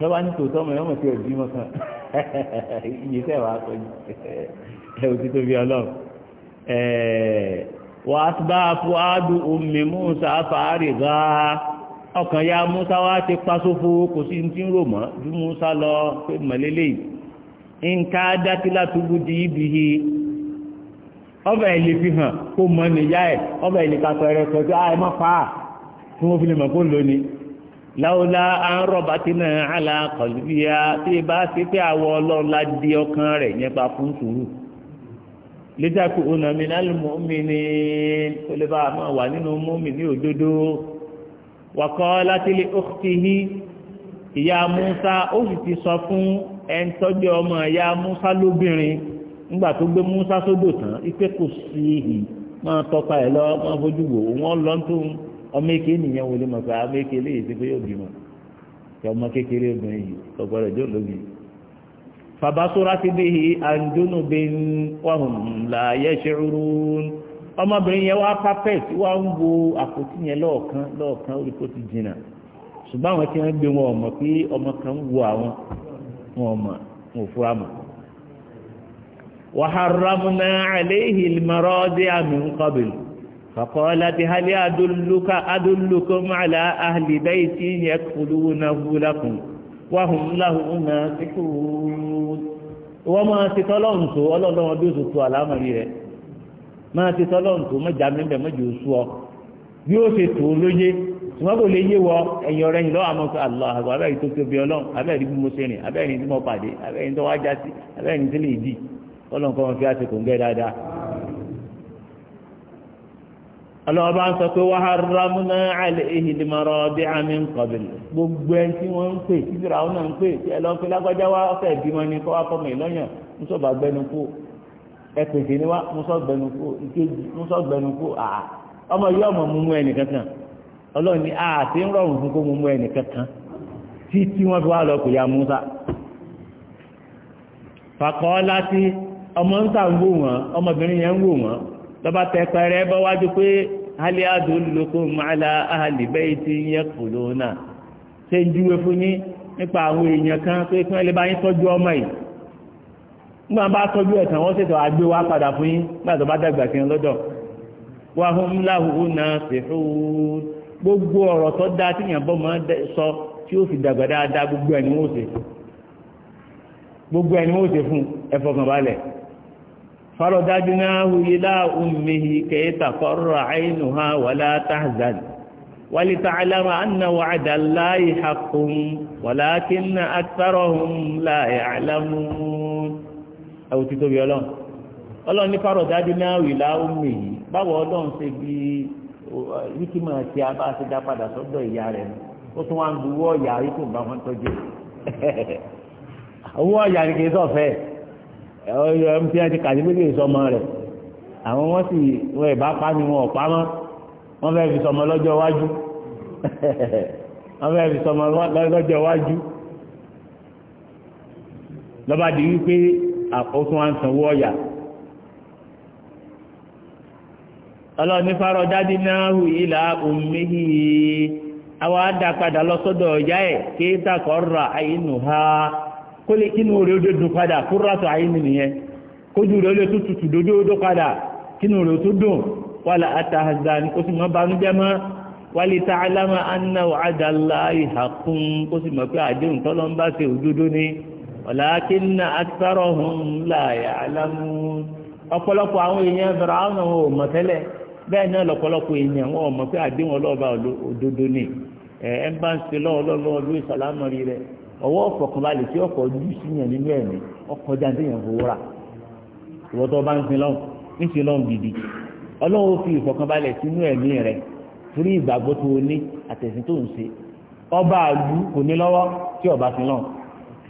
lọ́wọ́ ní tòótọ́ ọmọ ẹ̀wọ̀n tí ò bímọ kan iye tẹ́ wàá sọ ní ẹ ò ti tóbi ọlọ́run wà á bá fúádù omi Musa fàárì gá ọkàn ya Musa wá ti pa sófo kò sí ti ń rò mọ́ ju Musa lọ pé mọ̀lélẹ́ yìí nǹkan dátìlá túbú di ibi yìí ọbẹ̀ ilé fi hàn kó mọ́ nìyá ẹ̀ ọbẹ̀ ilé kakọ̀ ẹ̀rẹ́ sọ pé a ah, ẹ má pa á tí wọ́n fi lè mọ̀ kó lónìí láwùlá à ń rọ̀bà tí náà àlà kọ̀lùbíyà tí ì bá ṣe pé àwọ̀ ọlọ́run la di ọkàn rẹ̀ nípa fún sùúrù lítàkù ọ̀nà mi náà lùmọ́ mi ní tó lè bá a máa wà nínú mú mi ní òdodo wàkọ́ látìlé òkìtìhí ìyá Musa ó sì ti sọ fún ẹni tọ́jú ọmọ ìyá Musa lóbìnrin nígbà tó gbé Musa sódò tán ipe kò sí ìhì máa tọpa ẹ̀ lọ máa fojú wò wọ́n lọ́ntún ọmọ èké nìyẹn wọlé maka pé ọmọ èké lè ṣe pé yóò bímọ kí ọmọ kékeré obìnrin yìí lọ́gbọ́dọ̀ yóò lóbi. ti bí i àǹdónú bí ń wàhùn là yẹ ṣerú ọmọbìnrin yẹn wá pápẹ́ẹ̀tì wá ń wo àpótí yẹn lọ́ọ̀kan lọ́ọ̀kan orí kó ti jìnnà àwọn tí gbé wọn ọmọ pé ọmọ kan ń wo àwọn wọn ọmọ wọn ò fura wàhálà فقال بهل أدلك أدلكم على أهل بيتي يكفلونه لكم وهم له ناصحون وما تطلنت ولا لو دوست على مريره ما تطلنت ما جامن بما جوسو yóò ṣe tó lóye ṣùgbọ́n kò lè yé wọ ẹ̀yìn ọ̀rẹ́ yìí lọ́wọ́ àlọ́ àgbà abẹ́rẹ́ tó tóbi ọlọ́run abẹ́rẹ́ bí mo ṣe rìn abẹ́rẹ́ tí mo pàdé abẹ́rẹ́ tó wájà sí abẹ́rẹ́ tí lè dì ọlọ́run kọ́ wọn fi àṣekùn gẹ́ dáadáa ọlọ́ọ̀bá ń sọ pé wà á rámúná àlẹ́ ìhìlímọ̀rọ̀ bí àmì ń gbogbo ẹni tí wọ́n ń pè tí fìràwọn náà ń pè tí ẹ lọ pé lágbájá wá fẹ́ bímọ ni kọ́ wá fọmọ ìlọ́yàn gbẹnu kú ẹ pèsè ni wá gbẹnu kú ìkejì gbẹnu kú ọmọ yìí ọmọ mú mú ẹnì kankan ọlọ́run ni àti ń rọrùn fún kó mú mú hali adullukum ala ahli baytin yakfuluna ṣe ń júwe fún yín nípa àwọn èèyàn kan pé kí wọ́n lè bá yi. tọ́jú ọmọ yìí nígbà bá tọ́jú wa pada funyi tó bá dàgbà wa hum lahu nasihun gbogbo da sọ tí ó fi dàgbà gbogbo eni wọ́n ṣe gbogbo فرددناه إلى أمه كي تقر عينها ولا تحزن ولتعلم أن وعد الله حق ولكن أكثرهم لا يعلمون أو تتوب يا الله ọlọ́run ní fárọ̀ dájú náà wì láwùmí yìí báwo ọlọ́run ṣe bí wíkímọ̀ tí a bá ṣe dá padà sọ́dọ̀ ìyá rẹ̀ ó tún wá ń buwọ́ ọ̀yà ikú bá wọn tọ́jú *laughs* owó ọ̀yà kìí sọ̀fẹ́ ọyọ ẹmí ti kàdé méjèèjì sọmọ rẹ̀ àwọn wọ́n sì wọ́n ìbá pa ni wọn ọ̀pá mọ́ wọ́n fẹ́ fi sọmọ lọ́jọ́ iwájú *laughs* wọ́n fẹ́ fi sọmọ lọ́jọ́ iwájú lọ́ba di wípé àkóso à ń sanwó ọ̀yà ọlọ́ọ̀ni fárọ dájú náà hù ilà òmìnirí àwọn àdàpadà lọ sọ́dọ̀ ọ̀yá ẹ̀ kí dàkọ́ ra àyínú ha kó lè kínú rẹ̀ ó dòdò padà kó rásọ̀ ayé mi nìyẹn kójú rẹ̀ ó lè tó tutù dòdò ó dó padà kínú rẹ̀ ó tó dùn wàlà àtàhàzà ni kó sì mọ́ banújẹ́ mọ́ wálé tá a lámà anna wà á dà láàyè àkún kó sì mọ̀ pé àdéhùn tọ́lọ́ ń bá ṣe òdodo ni ọ̀làákínà aktarahum la ya'lamun ọ̀pọ̀lọpọ̀ ọwọ́ ọ̀fọ̀kànbalẹ̀ tí ọkọ̀ ojú síyàn nínú ẹ̀mí ọkọ̀ jáde yẹn fowó rà ìwọ́n tó bá ń sin lọ́hùn ń sin lọ́hùn gidi ọlọ́run fi ìfọ̀kànbalẹ̀ sínú ẹ̀mí rẹ torí ìgbàgbọ́ tó o ní àtẹ̀sìn tó ń ṣe ọba àlú kò ní lọ́wọ́ tí ọba sin lọ́hùn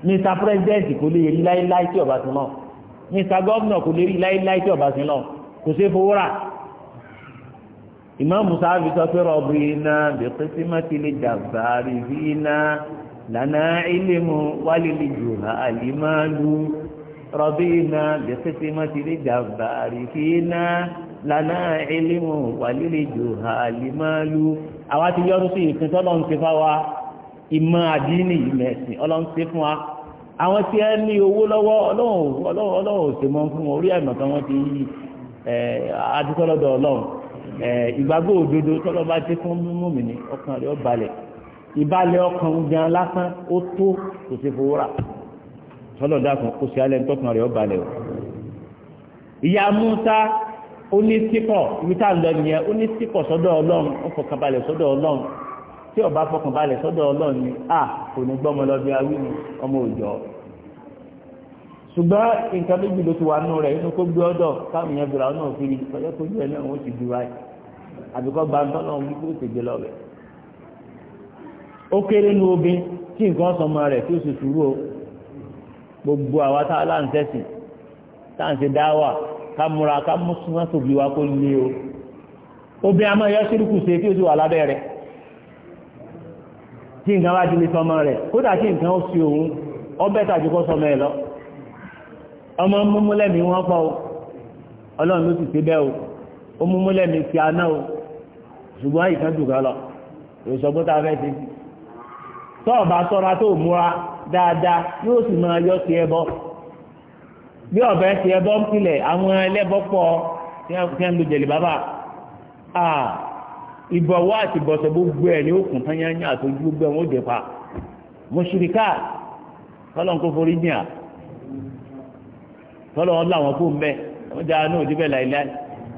mr president kò lè rí láéláé tí ọba sin lọ́hùn mr governor kò lè rí láéláé tí ọba sin lọ́hùn kò ṣe fowó rà ìmọ̀ musa fi sọ pé rọ̀bì iná bẹ̀ẹ́ pẹ́sìmọ́tì lana ilimu walili juna alimalu rabina bikisimati lijabari fina lana ilimu walili juna alimalu àwa ti yọrù sí ìpín tọ́lọ́ ń ṣe fá wa ìmọ̀ àdínì ìmọ̀ ẹ̀sìn ọlọ́run ṣe fún wa àwọn tí ẹ ní owó lọ́wọ́ ọlọ́run ọlọ́run ò ṣe mọ́ fún wọn orí ẹ̀nà kan wọ́n ti yí adúgbò lọ́dọ̀ ọlọ́run ìgbàgbọ́ òdodo tọ́lọ́ bá ti fún mímú mi ní ọkàn rẹ̀ ìbálẹ̀ ọkàn gan lásán ó tó kò sí fowó rà sọ́dọ̀ dákun kò sí alẹ́ tọkàn rẹ̀ ó balẹ̀ o. ìyá Musa ó ní síkọ̀ ibi tá à ń lọ nìyẹn ó ní síkọ̀ sọ́dọ̀ ọlọ́run ó fọkàn balẹ̀ sọ́dọ̀ ọlọ́run tí ó bá fọkàn balẹ̀ sọ́dọ̀ ọlọ́run ni a kò ní gbọ́mọ lọ́bí awí ni ọmọ òòjọ́ ṣùgbọ́n nǹkan méjì ló ti wà nínú rẹ̀ inú kó gbé ọ̀dọ̀ káwọn yẹn gbèrà náà fi rí ọjọ́ kó gbé ẹ náà wọ́n ti dúró àyè àbíkọ́ gbàǹtọ́ náà wí kó tèjé lọ́wọ́ ó kéré nu obi tí nǹkan sọmọ rẹ̀ tí ó sì sùúrù o gbogbo àwa tá a tá à ń ṣe dáwà ká múra ká mú súnmọ́ wa kó lé o obìnrin àmọ́ ẹ̀yọ́ sírùkù ṣe tí ó ti wà lábẹ́ rẹ̀ tí nǹkan bá dìlé sọmọ rẹ̀ kódà tí nǹkan ó òun ọbẹ̀ tàbí kó sọmọ ọmọ tọ́ọ̀bá tọ́ra tó múra dáadáa yóò sì máa yọ sí ẹbọ bí ọ̀bẹ sí ẹbọ ń pilẹ̀ àwọn ẹlẹ́bọ pọ̀ tí wọ́n lu jẹ̀lẹ̀ bàbà ìbọ̀wọ́ àti ìbọ̀sẹ̀ gbogbo ẹ̀ ní òkun tán yányá àtòjú gbogbo ẹ̀ wọ́n jẹ pa mọ̀ṣúríkà tọ́lọ́n kó forí jìn à tọ́lọ́n láwọn kó mbẹ́ wọ́n já náà òjú bẹ́ẹ̀ láìláì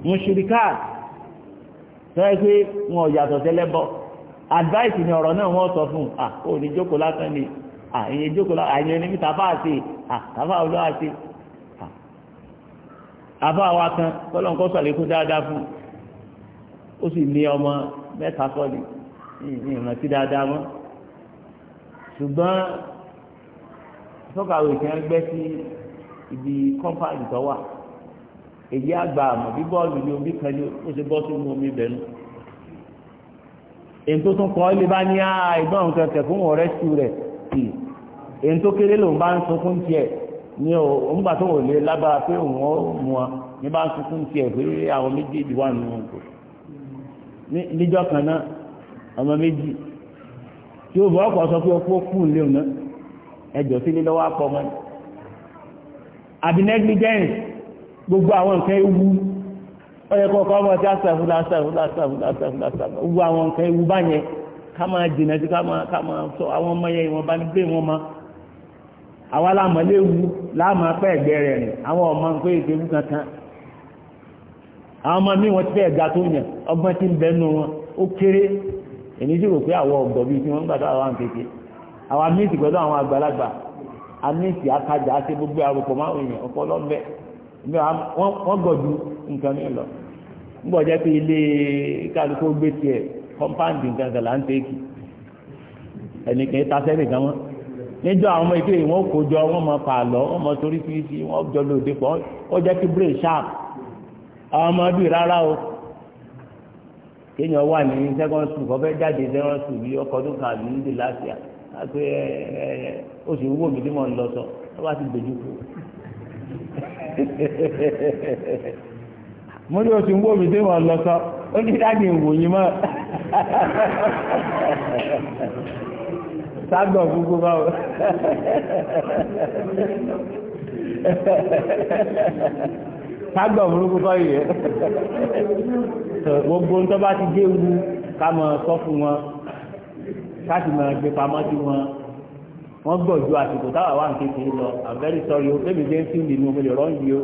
mọ̀ṣúríkà tọ́ ẹ pé wọn ò yàtọ̀ tẹ́lẹ̀ bọ́ advice ni ọ̀rọ̀ náà wọ́n sọ fún à ó jókòó lásán ni à ìyẹn jókòó lásán àyẹn ní mítà fáà sí à tàfà olóhà sí à àfà wa kan kọ́lọ́n kọ́ sọ̀lẹ̀ kó dáadáa fún ó sì ní ọmọ mẹ́ta sọ́ọ̀lì ní ìrántí dáadáa mọ́ ṣùgbọ́n sọ́kàwé kí wọ́n gbẹ́ sí ibi kọ́mpáàdì tó wà èyí àgbà àmọ̀ bí bọ́ọ̀lù ni omi kan ni ó ṣe bọ́ sínú omi bẹ̀rù èyí tó tún kọ́ ilé bá ní àìgbọ́n ah, nǹkan kẹ̀kọ́ wọn rẹ́sù rẹ̀ sí èyí tó kéré lòun bá ń sunkún tiẹ̀ ní o ńgbà tó wòlé lágbára pé òun ó mu wa ní bá ń sunkún tiẹ̀ pé àwọn méjèèjì wà nínú ọkọ níjọ́ kan náà ọmọ méjì tí ó bọ̀ ọkọ̀ sọ pé ó kú léwu náà ẹjọ́ sílé lọ́wọ́ apọ̀ mọ́ àbí negligence gbogbo àwọn nǹkan ewu Ọ yẹ ọmọ tí asàfúlà asàfúlà asàfúlà asàfúlà asàfúlà wú àwọn nǹkan ewu bá yẹn ká máa jìnà sí ká máa ká máa sọ àwọn ọmọ yẹn ìwọ̀nba ní gbé wọn ma àwa láàmú léwu láàmú apẹ́ ẹ̀gbẹ́ rẹ̀ rìn àwọn ọmọ nǹkan èké wú kankan àwọn ọmọ míì ti tó yàn ọgbọ́n ti ń bẹ nù wọn ó kéré èmi sì rò pé bíi tí wọ́n gbà tó àwọn àwọn nígbà jẹ́ pé ilé kálukú gbé tiẹ̀ kọ́mpáǹdì nǹkan kan là ń tẹ́kì ẹnìkan ta sẹ́nì kan mọ́ níjọ́ àwọn ọmọ ìpè wọn kò jọ wọn mọ pààlọ́ wọn mọ torí fi fi wọn jọ lòdì pọ̀ ó jẹ́ kí brain sharp àwọn ọmọ bíi rárá o kéèyàn wà ní second school kọ́ fẹ́ jáde second school bí ọkọ̀ tó kàn ní ìdí láti à àti ẹ ẹ oṣù wúwo mi tí mo ń lọ sọ wọ́n bá ti dojú kú. *laughs* mo ní o ti ń wó mi dé wọn lọ sọ ó ní dáàbì ìwòyìn mọ́ *laughs* ságbọ̀n gbogbo báwọn *laughs* ságbọ̀n burúkú kọ́ yìí *laughs* gbogbo ń tọ́ bá ti dé wu ká mọ sọ fún wọn ká sì mọ gbé pamọ́ sí wọn wọ́n gbọ̀ ju àsìkò táwa wà ní kékeré lọ I'm very sorry o bébí jẹ́ ń sìn nínú omi lè rọ́ǹdì o.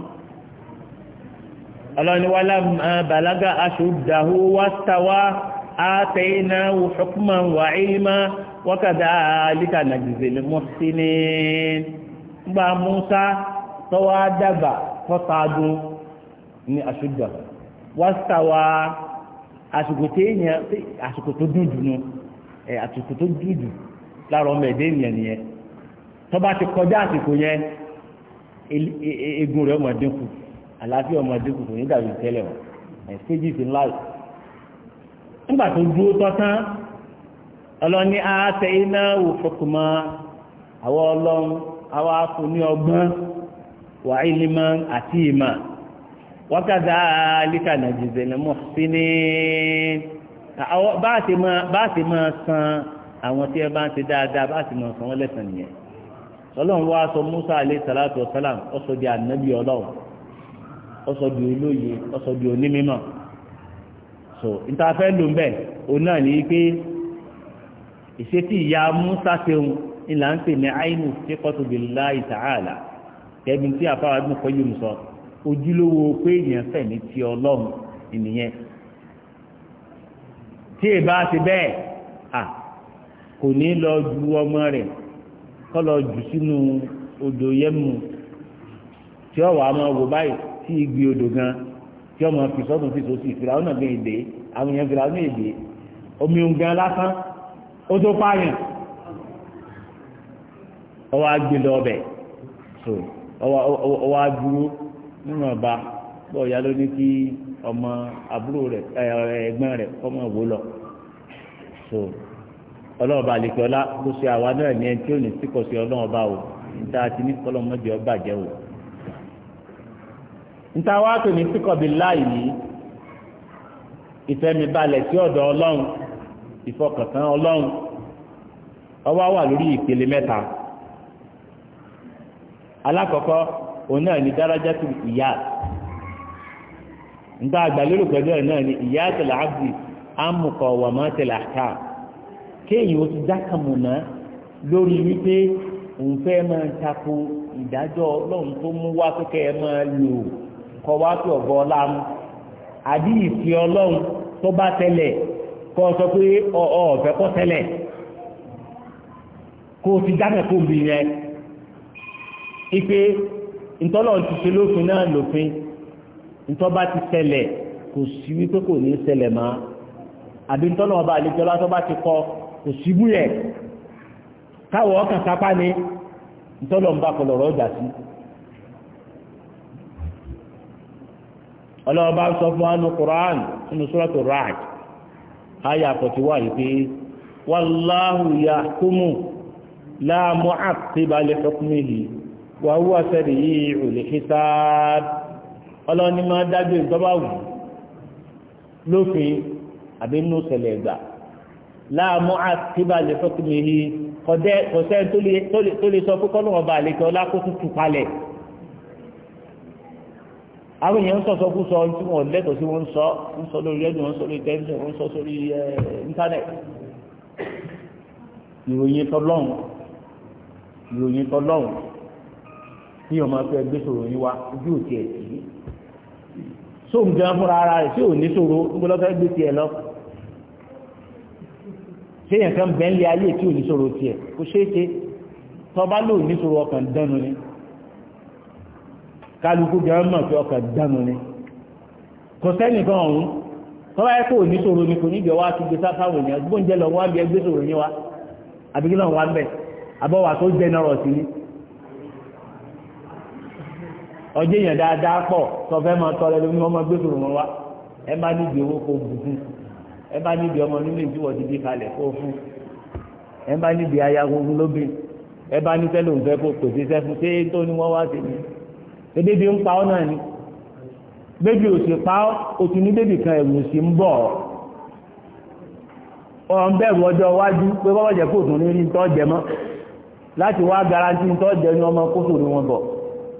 ọlọ́niwálá balaga aṣòdáhó wáṣtawá àtẹ́yìnà hukman wà ilma wákàdá alíkà nàìjíríà mọ́síní gbà Musa tọ́wọ́ dàgbà tọ́tàdó ní aṣòdá wáṣtawá àsìkò tó dúdú nù àsìkò tó dúdú lára ọmọ ẹ̀dẹ́ ènìyàn àlàáfíà ọmọdé kò ní dàbí tẹ́lẹ̀ o ẹ̀ stages in life. nígbà tó dúró tọ́tán ọlọ́ni àátẹ iná wò fọkùnmọ́ àwọn ọlọ́run àwọn afúnni ọgbọ́n wà ìlímọ̀ àti ìmọ̀ wákàtí àlíkà nàìjíríà ní mọ̀ sí ní bá ti máa san àwọn tí ẹ bá ń ṣe dáadáa bá ti máa san wọ́n lẹ́sàn nìyẹn ọlọ́run wá sọ Musa alayhi salatu wa salam ó sọ di ànábì ọlọ́run ọsọdì olóye ọsọdì onímọ̀ so ìtafẹ́ ló ń bẹ̀ òun náà ní pé ìṣètì ìyá musa ṣeun ńlá ń pè ní àìní tí kọ́tù billahi ta'ala kẹ́bi tí àfáwà gbọ́n kọ́ yìí sọ ojúlówó pé èèyàn fẹ̀mí ti ọlọ́run ìnìyẹn tí ì bá ti báyìí sí igi odò gan tí ọmọ fìsọ́dún fìsọ́ sí ìfìlàwọ́ náà gbẹ̀yìn dé àwọn èèyàn fìlàwọ́ náà dé omi ogan lásán ó tó pààyàn ọwọ́ agbèlè ọbẹ̀ so ọwọ́ adúró nínú ọba bọ́ọ̀ ya ló ní kí ọmọ àbúrò rẹ̀ ẹ̀gbọ́n rẹ̀ ọmọ òwò lọ so ọlọ́ọ̀ba àlèkè ọlá ló ṣe àwa náà ní ẹni tí ò ní síkọ̀ sí ọlọ́ọ̀ba o níta ti ní kọ́lọ́mọdé ọba jẹ́ o níta wá pè ní síkọ̀bí láì ní ìfẹ́mibalẹ̀ sí ọ̀dọ̀ ọlọ́run ìfọkàntán ọlọ́run ọwá wà lórí ìpele mẹ́ta alákọ̀ọ́kọ́ òun náà ní dárájá tó ìyá níta àgbàlérò pẹ̀lú ẹ̀ náà ní ìyá tẹ̀lé àbí àmùkọ̀ wàmọ́ tẹ̀lé àká kéèyàn ó ti dákàmùnà lórí wípé òun fẹ́ máa tako ìdájọ́ ọlọ́run tó mú wá pé kẹ́ máa lò ó kọ wá sí ọ̀gọ́ ọlámú àbí ìfẹ́ ọlọ́run tó bá tẹ̀lẹ̀ kọ́ sọ pé ọ̀ọ̀fẹ́ kọ́ tẹ̀lẹ̀ kó o ti dáná kó o bì yẹn ipe ntọ́lọ̀ ti ṣe lófin náà lófin ntọ́ba ti ṣẹlẹ̀ kò sí wípé kò ní ṣẹlẹ̀ mọ́ àbí ntọ́lọ̀ ọba àlejò látọ́ba ti kọ kò síbú yẹ káwọ̀ ọkàn sápá ni ntọ́lọ̀ ń bá kọlọ̀rọ̀ ọjà sí. ọlọ́ọ̀bá sọ fún ánú Qur'an nínú sọ́rọ̀tò Ra'd ayà àpọ̀tí wà wípé wallahu yahkumu la mu'aqqiba li hukmihi wa huwa sari'ul hisab ọlọ́ni máa dájú ìjọba wù lófin àbínú sẹlẹ̀ gbà la mu'aqqiba li hukmihi kọ̀dẹ́ kọ̀sẹ́ tó lè sọ fún kọ́nà ọba àlejò ọlá kó tutù palẹ̀ àwọn èèyàn ń sọ̀sọ́ kú sọ tí wọ́n lẹ́tọ̀ọ́ sí wọ́n ń sọ ń sọ lórí rẹ́dùn wọ́n ń sọ lórí tẹ́lifíṣàn wọ́n ń sọ sórí íńtánẹ̀tì ìròyìn tọ́lọ́hùn ìròyìn tọ́lọ́hùn tí ọmọ akẹ́ gbé sọ̀rọ̀ yín wá ojú òtí ẹ̀ sí sóun gan fúnra ara rẹ̀ tí ò ní sọ̀rọ̀ ńgbọ́lọ́fẹ́ gbé tiẹ̀ lọ séèyàn kan bẹ́ńlẹ̀ ayé tí ò ní sọ̀rọ̀ tiẹ̀ kò ṣeé ṣe tọ́ba lò ní sọ̀rọ̀ ọkàn dánu ni. kálukú gan mọ̀ pé ọkà dànù ni kò sẹ́nì kan ọ̀hún tọ́lá yẹ kó o ni kò ní ìjọ wa ti gbé wa àbíkí náà wà ń bẹ̀ àbọ̀wà tó jẹ́ sí ni ọjọ́ èèyàn dáadáa pọ̀ máa wọn wá ẹ bá níbi owó kó bù fún ẹ bá níbi ọmọ nílé tí wọ́n ti di kalẹ̀ kó fún ẹ bá tó ní Ebebi ń pa ọ́ Bebi ni bébì ò sì pa ọ́ o ti ní bébì kan ẹ̀rù sì pé kóòtù ní tọ́ jẹ mọ́ láti wá garanti tọ́ jẹ ní ọmọ kóso ní wọn bọ̀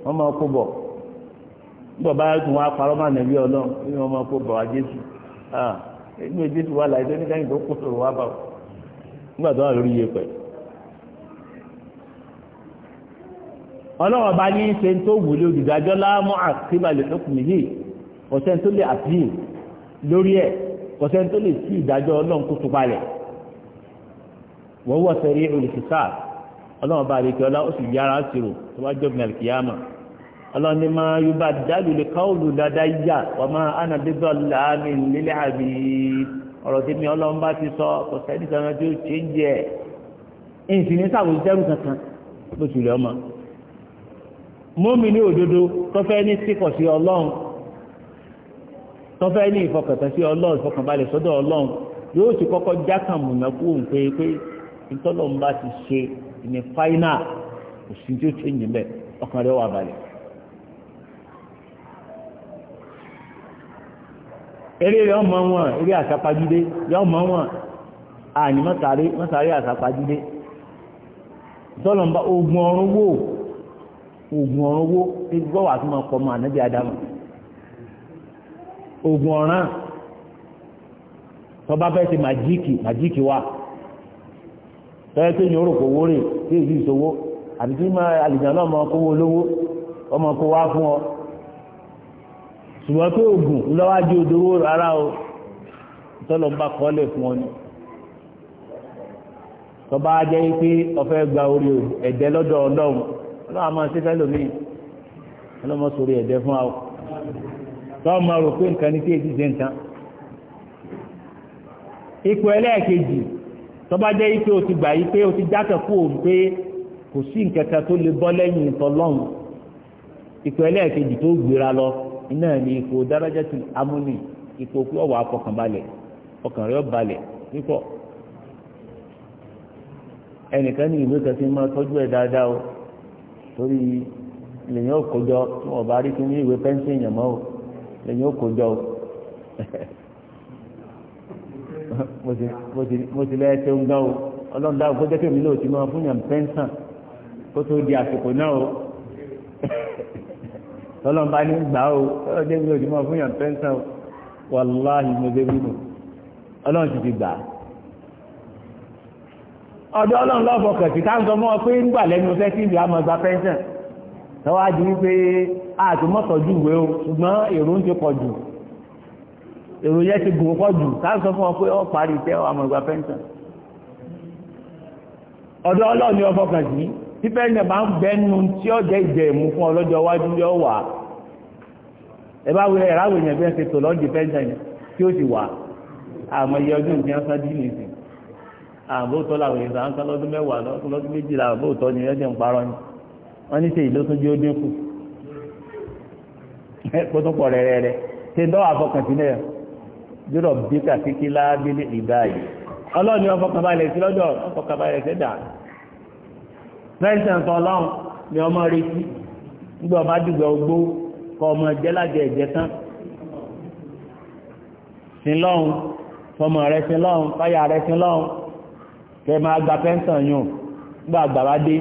ọmọ kó bọ̀ nígbà bá tún wá parọ́ máa ní ọmọ kó bọ̀ jésù ah inú ọlọ́wọ́ bá ní ṣe tó wù lé olùdájọ́ láàmú àkíbalẹ̀ ọkùnrin yìí ọ̀sẹ̀ tó lè àfihàn lórí ẹ̀ ọ̀sẹ̀ tó lè sí ìdájọ́ ọlọ́run kó tupa rẹ̀ wọ́n wọ́ sẹ́rí olùsísà ọlọ́wọ́ bá rí kí ọlá ó sì yára sírò tó wá jọ́gbìn àlùkìyàmà ọlọ́run ní máa yóò bá dálù lè ká òlù dáadáa yá wọ́n máa ánà bíbọ̀ láàmì lílẹ̀ àbí ọ̀rọ̀ mọ́mí ní òdodo ní síkọ̀ sí ọlọ́run tó ní sí ọlọ́run ìfọkànbalẹ̀ sọ́dọ̀ ọlọ́run yóò sì kọ́kọ́ jákàn mùnà pé pé ìtọ́lọ́run bá ti ṣe ní fáínà òsì tí ó ti yìn bẹ́ẹ̀ ọkàn rẹ̀ wà balẹ̀. eré rẹ̀ ọmọ wọn eré àsápajúdé rẹ̀ ọmọ wọn àní mọ́sàárì àsápajúdé ìtọ́lọ́run ogun ọrún oògùn ọ̀ràn owó tí gbọ́ wà tó máa pọ̀ mọ́ ànábì ádámù oògùn ọ̀ràn tọ́ba fẹ́ ṣe màjíìkì màjíìkì wà tọ́yẹ tó yẹn rò kó wórè tí èyí ìṣòwò àbí tí àlìjàn náà máa kówó lówó ọmọ kó wá fún ọ ṣùgbọ́n pé oògùn ńlọ́wọ́ ajé odòwó rárá o tọ́lọ̀ ń bá kọ́lẹ̀ fún ọ ni tọ́ba ajẹ́ pé ọ̀fẹ́ gba orí ẹ̀dẹ́ lọ́dọ̀ ọlọ́run ọlọ́wà máa ṣe fẹ́ lómi ọlọ́mọ sórí ẹ̀dẹ́ fún wa tọ́ ma rò pé nǹkan ní tí èdè ṣe nǹkan ipò ẹlẹ́ẹ̀kejì tó bá jẹ́ ipò o ti gbà yí pé o ti jákè kú òun pé kò sí nǹkan kan tó lè bọ́ lẹ́yìn ìtọ́lọ́hùn ipò ẹlẹ́ẹ̀kejì tó gbéra lọ iná ní ipò dárájà ti amúnì ipò pé ọ̀wà afọkànbalẹ̀ ọkàn rẹ̀ balẹ̀ pípọ̀ ẹnìkan ní ìwé kan ti máa tọ́jú ẹ̀ dáadáa o. torí lèyìn òkòjọ tí wọn bá rí kí ní ìwé pẹ́ńsì èèyàn mọ́ o lèyìn òkòjọ o *laughs* mo ti lẹ́yìn tó ń gán o ọlọ́run dáhùn kó jẹ́ kí èmi náà ti máa fún yàn pẹ́ńsàn kó tó di àsìkò náà o *laughs* tọ́lọ́n bá ní gbà o ọlọ́run jẹ́ mi náà ti máa fún yàn pẹ́ńsàn wàláhì mo ti gbà á. ọ̀dọ̀ ọlọ́run lọ́fọ̀kàn tí ká ń sọ mọ́ pé ńgbà lẹ́nu iṣẹ́ tí ìlú àmọ́ gba pension tọ́wá di wípé àtúmọ̀tọ́jú ìwé o ṣùgbọ́n èrò ń ti pọ̀ jù èrò yẹn ti gùn pọ̀ jù ká ń sọ fún ọ pé ọ parí iṣẹ́ àmọ́ gba pension ọ̀dọ̀ ọlọ́run ni ọfọkàn sí tí pension bá ń bẹ́nu tí ó jẹ́ ìjẹ ìmú fún ọlọ́jọ́ iwájú yóò wà ẹ bá wulẹ̀ ìráwọ̀ èèyàn bí wọ́n ti tò lọ́ọ́ di pension tí ó ti wà àmọ́ iye ọdún ìjẹun sọ́dí nìyí àbótọ́ làwọn èèyàn ń sá lọ́dún mẹ́wàá lọ́dún méjìlá àbótọ́ ni ẹ̀jẹ̀ ń parọ́ ni wọ́n ní sèyí ló tún jí ó dínkù kótó pọ̀ rẹ̀rẹ̀rẹ̀ ṣe dọ́ àfọkàntì náà yúrọ̀ bí kàkíkí lábílẹ̀ ìgbà yìí ọlọ́ọ̀ni ọfọkànbalẹ̀ sí lọ́dọ̀ ọfọkànbalẹ̀ sẹ́dà pẹ́sẹ̀ǹt ọlọ́run ni ọmọ retí nígbà ọba dùgbà ogbó kọ ọmọ ẹ̀jẹ̀ lájẹ ẹ̀jẹ̀ tán sin lọ́hùn fọmọ rẹ sin lọ́hùn fáyà rẹ sin lọ́hùn kẹ máa gba pẹ́ńsàn yùn gbà gbàrá dé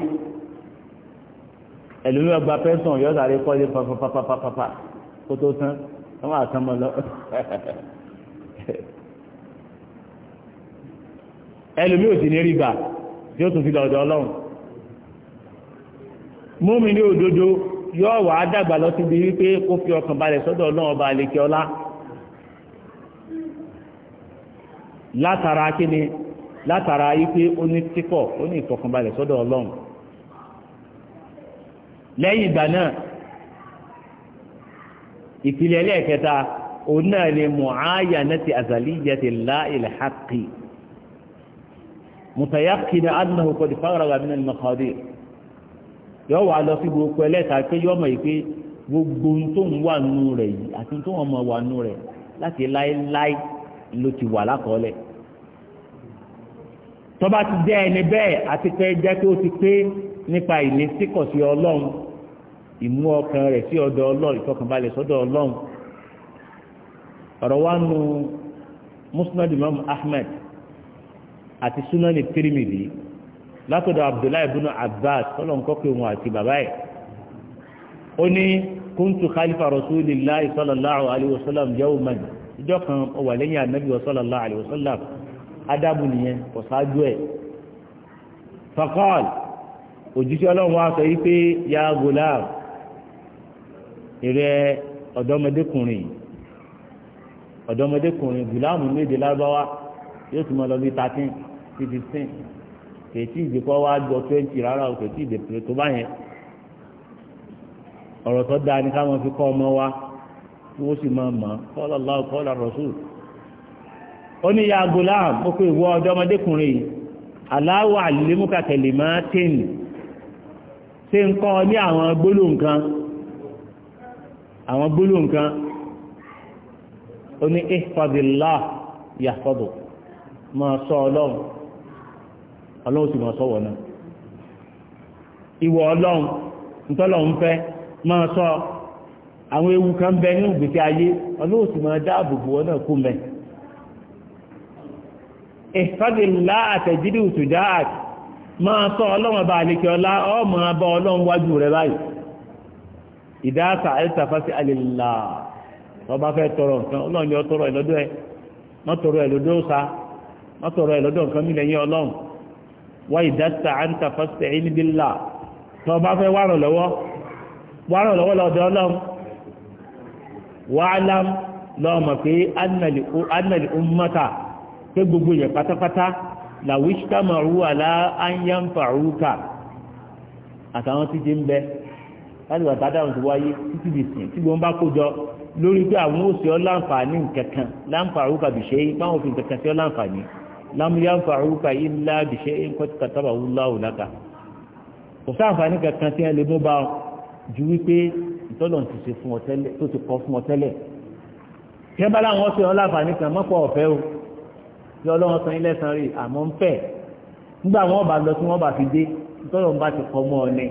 ẹ̀lómi ọgbà pẹ́ńsàn yọ sáré kọ́lé papapapapapa kó tó tán wọ́n máa tán mọ́ lọ. *laughs* ẹlòmí ò sì ní rí gbà tí ó tún fi lọ́dọ̀ ọlọ́run múmi ní òdodo yóò wà á dàgbà lọ síbi wípé kó fi ọkàn balẹ̀ sọ́dọ̀ ọlọ́run ọba àlekè ọlá látara kíni látara wípé ó ní tíkọ̀ ó ní ìfọkànbalẹ̀ sọ́dọ̀ ọlọ́run lẹ́yìn ìgbà náà ìpìlẹ̀ ẹlẹ́ẹ̀kẹta òun náà ni mu'ayyanati azaliyyati la'il haqqi mutayaqina annahu qad faragha min al-maqadir yóò wà lọ sí gbogbo ẹlẹ́ta pé yóò mọ̀ pé gbogbo tó ń wà nù rẹ̀ yìí àti tó ń wà nù rẹ̀ láti láéláé ló ti wà lákọọ́lẹ̀ tọ́ba ti jẹ́ ẹni bẹ́ẹ̀ àti pé jẹ́ pé ó ti pé nípa ìní síkọ̀ sí ọlọ́run ìmú ọkàn rẹ̀ sí ọ̀dọ̀ ọlọ́run ìfọkànbalẹ̀ sọ́dọ̀ ọlọ́run ọ̀rọ̀ wa nu musnad imam ahmed àti sunani tirimidi látọ̀dọ̀ abdullahi ibn abbas ọlọ́run kọ́kọ́ òun àti bàbá ẹ̀ ó ní kuntu khalifa rasulillahi sallallahu alayhi wa sallam yawman ìjọ kan ó lẹ́yìn anabi wa sallallahu alayhi wa sallam adabu nìyẹn kò ṣáájú ẹ̀ fakọ́ọ̀l òjíṣẹ́ ọlọ́run wa sọ yìí pé ya gulam ìrẹ ọ̀dọ́mọdékùnrin ọ̀dọ́mọdékùnrin gùlámù méde lárúbáwá yóò tún mọ lọ bí thirteen sí fifteen kèétí ìdíkọ́ wa jọ twenty rárá o kèétí ìdèpè tó bá yẹn ọ̀rọ̀ tó dáa ni ká máa fi kọ́ ọmọ wa kí wọ́n sì máa mọ̀ ọ́ kọ́lá Allah kọ́lá Rasul ó ní ya gulam ó ìwọ ọ̀dọ́mọdékùnrin aláwọ̀ àlèmúkà tẹ̀lé máa tẹ̀lé ń kọ́ ní àwọn gbólóhùn àwọn gbólóhùn kan ó ní ihfadillah sọ ọlọ́run ọlọ́run sì sọ ọlọ́run ntọ́lọ́run fẹ́ sọ àwọn ewu kan bẹ ayé ọlọ́run ìfọ́dìlá àtẹ̀jídì òtùjá àti máa sọ ọlọ́run bá àlekè ọlá ọmọ abọ́ ọlọ́run wájú rẹ báyìí ìdáàsà àìsàfásí àlèlà ọba fẹ́ tọrọ nǹkan ọlọ́run ni ọ tọrọ ẹ̀ lọ́dọ̀ ẹ̀ má tọrọ ẹ̀ lọ́dọ̀ ọ̀sà má tọrọ ẹ̀ lọ́dọ̀ nǹkan mílẹ̀ yín ọlọ́run wá ìdáàsà àìsàfásí àìlèbílà tọ́ ọba fẹ́ wárọ̀ lọ́wọ́ wárọ̀ lọ́wọ́ lọ́dọ̀ ọlọ́run wàhálà lọ́ọ̀mọ̀ pé gbogbo yẹn pátápátá làwíṣíkà màrú àlá ányánfàrúkà àtàwọn títí ń bẹ láti wà tádà wọn ti wáyé títí di sìn tí wọn bá kó jọ lórí pé àwọn ò sí ọ láǹfààní nkankan láǹfààrúkà bìṣe báwọn òfin kankan sí ọ láǹfààní lámúyánfààrúkà ilá bìṣe nǹkan kàtàbà wúláwù láka kò sáǹfààní kankan tí wọn lè mú bá ọ ju wípé ìtọ́lọ̀ ti ṣe fún ọ tẹ́lẹ̀ tó ti kọ́ fún ọ tẹ́lẹ̀ kí ẹ bá láwọn ọ̀sẹ̀ ọ láǹfààní kan mọ́pọ̀ ọ̀fẹ́ o kí ọlọ́run san ilé san rí àmọ́ ń fẹ́ nígbà wọn bá lọ tí wọn bá fi dé tọ́lọ̀ bá ti kọ́ mọ́ ọ ní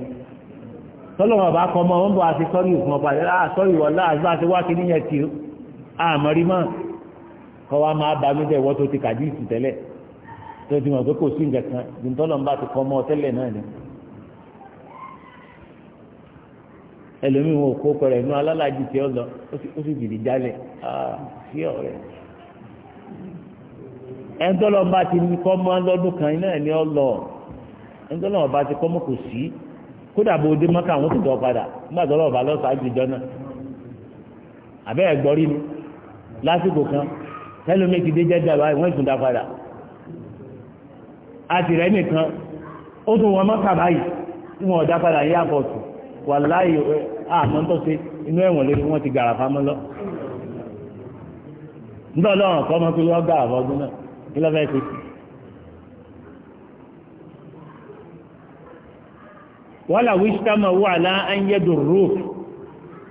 tọ́lọ̀ wọn bá kọ́ mọ́ wọn bá ti sọ́rí ìfún ọba ah, yẹn láà sọ́rí wọlá àgbà tí wá kíní yẹn ti àmọ́rí mọ́ kọ́ wa máa bá mi bẹ́ẹ̀ wọ́n tó ti kàdí ìsìn tẹ́lẹ̀ tó ti mọ̀ pé kò sí nǹkan kan ju tọ́lọ̀ bá ti kọ́ mọ́ ọ tẹ́lẹ̀ náà ni. ẹlòmíì wọn ò kó pẹrẹ inú alálàájì tí ó lọ ó sì ah sí ọ̀rẹ́ ẹnitọ́lọ́ bá ti ní kọ́ mọ́ lọ́dún kan iná ẹ̀ ní ọ lọ ẹnitọ́lọ́ bá ti kọ́ mọ́ kò sí kódà bó dé àwọn tó tọ́ padà nígbà tó lọ́ọ̀bá lọ́sàájú ni lásìkò kan tẹ́lómi ti dé jẹ́jà wọ́n ìtúndà padà àti rẹ̀ nìkan ó tún wọ́n ti gàràfà mọ́ kí ló fẹ́ ṣe. wọ́n là wíṣí ká máa wà náà á ń yẹ dùn rúùf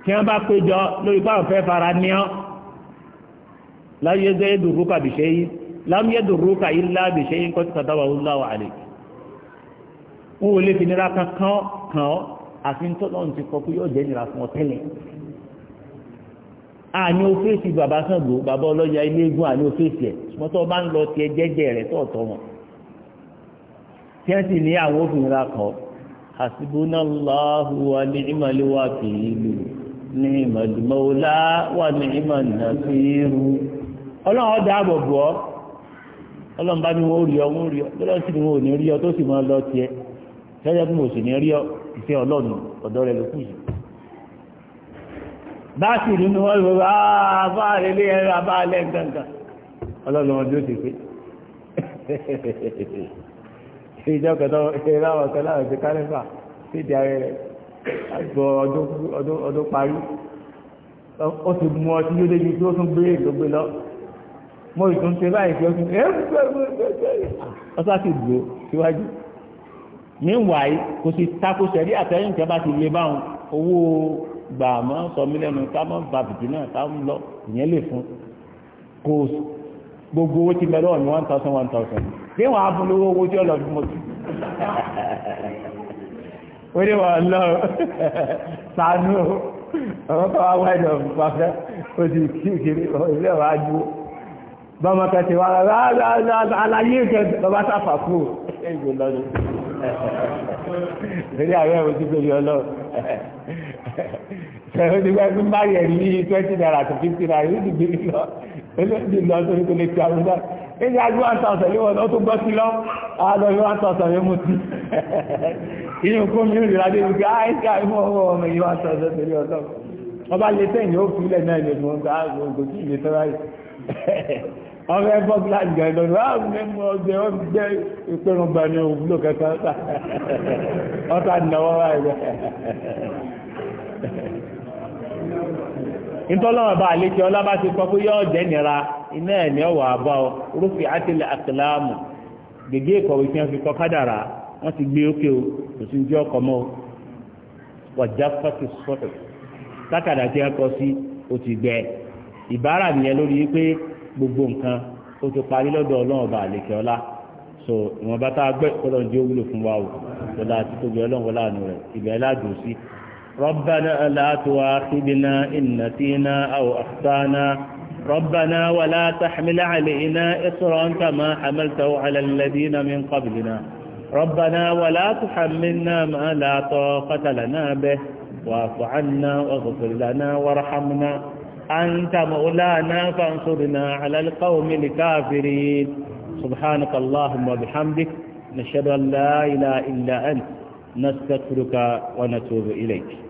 tí wọ́n bá péjọ lórí báwọn fẹ́ fara ní ọ́ láyé zẹ́ dùn rúùkà bìṣẹ́ yìí láwọn yẹ dùn rúùkà yìí lá bìṣẹ́ yìí kọ́ ti kàtà wà wọ́n láwọ̀ àlè. wọ́n wọlé fi nira kan kàn ọ́ àfi ń tọ́lọ́ ti kọ pé yóò jẹ́ nira fún ọ tẹ́lẹ̀ àní òfèèsì bàbá Ṣàngó bàbá ọlọ́yà ilé egun àní òfèèsì ẹ̀ mọ́tò bá ń lọ tiẹ̀ jẹ́jẹ́ rẹ̀ tọ̀tọ̀ wọn tí wọ́n sì ní àwọn òfin ra kọ́ hasbunallahu wa ni'mal wakeel ni'mal mawla wa ni'man nasir ọlọ́run ọ̀dà àbọ̀bọ̀ ọ́ ọlọ́run bá ní wọ́n rí ọ wọ́n rí ọ lọ́dọ̀ sí ni wọ́n ò ní rí ọ tó sì máa lọ tiẹ̀ lọ́dọ̀ bí mo sì ní rí ọ ìfẹ́ ọlọ́run ọ̀dọ́ rẹ ló kù yìí. bá a sì rí ni wọ́n lọ bá abá a lẹ́ ọlọ́lọ́mọ bí ó ti pé ìjọ kẹta ìráwọ̀ kẹta àti kálífà sídi ayé rẹ̀ àgbọ̀ ọdún parí ó ti mú ọtí yóò débi tí ó tún gbé ìgbógbé lọ mo ìtún ṣe báyìí tí ó tún ẹ ọsá ti gbò síwájú níwáyé kò sì takò sẹ̀rí àtẹ̀yìn tí a bá ti lè báwọn owó gbàmọ́ sọmílẹ́nu ká mọ́ bàbìtì náà táwọn lọ ìyẹn lè fún kò gbogbo owó ti bẹ̀rẹ̀ ọ̀nà one thousand one thousand bí wọ́n á fún lówó owó tí ó lọ bí mo ti ó ní wọ́n lọ sànú ọ̀rọ̀ kan wá wáyé lọ pàfẹ́ ó sì kí kiri ilé wa ju bọ́mọ kẹsì wa aláyé kẹ bàbá sáfà kú ẹgbẹ́ lọ́dún lórí àwọn ẹ̀rọ tí gbèrè ọlọ́run ṣẹ̀rọ ti gbẹ́ fún báyẹ̀ rí twenty naira to fifty naira yóò ti gbèrè lọ ẹlẹ́dì lọ tó ní kò lè fi àwọn ọ̀dá ẹni agbó àtàṣẹ̀ léwọ̀n tó gbọ́ sí lọ àádọ́rọ̀ àtàṣẹ̀ rẹ̀ mú ti inú kó mi rìnrìn adé wípé ah, àìsíkà ìmọ̀ ọwọ́ ọmọ yìí wá àtàṣẹ̀ tẹ̀lé ọ̀dọ́ ọba lè tẹ̀yìn ó fi ilẹ̀ náà lè ah, *laughs* ah, mú ọgbà àgbò tí ìlè tọ́ra yìí ọmọ ẹgbọ́ gíláàsì gan lọ́nà àwọn ẹgbẹ́ ọgbẹ́ ọgbẹ́ ìpẹ́rùn bá ní *laughs* *laughs* ntọ́lọ́wọ́ bá àlejò ọlọ́ba ti sọ pé yọ́ọ́ jẹ́ nira iná ẹ̀ ní ọ̀wọ́ àbá ọ rúfin àtìlẹ̀ àtìláàmù gègé ìkọ̀wé tí wọ́n fi kọ́ kádàrà wọ́n ti gbé ókè o kò sí jẹ́ ọkọ̀ mọ́ o wọ̀já fọ́tì sọ́tò tákàdá tí wọ́n kọ́ sí o ti gbẹ ìbára nìyẹn lórí pé gbogbo nǹkan o ti parí lọ́dọ̀ ọlọ́wọ́ bá àlejò ọlá so ìwọ̀nba tá a gbẹ́ kọ́lọ́ ربنا لا تواخذنا إن نسينا أو أخطانا ربنا ولا تحمل علينا إصرا كما حملته على الذين من قبلنا ربنا ولا تحملنا ما لا طاقة لنا به واعف عنا واغفر لنا وارحمنا أنت مولانا فانصرنا على القوم الكافرين سبحانك اللهم وبحمدك نشهد أن لا إله إلا أنت نستغفرك ونتوب إليك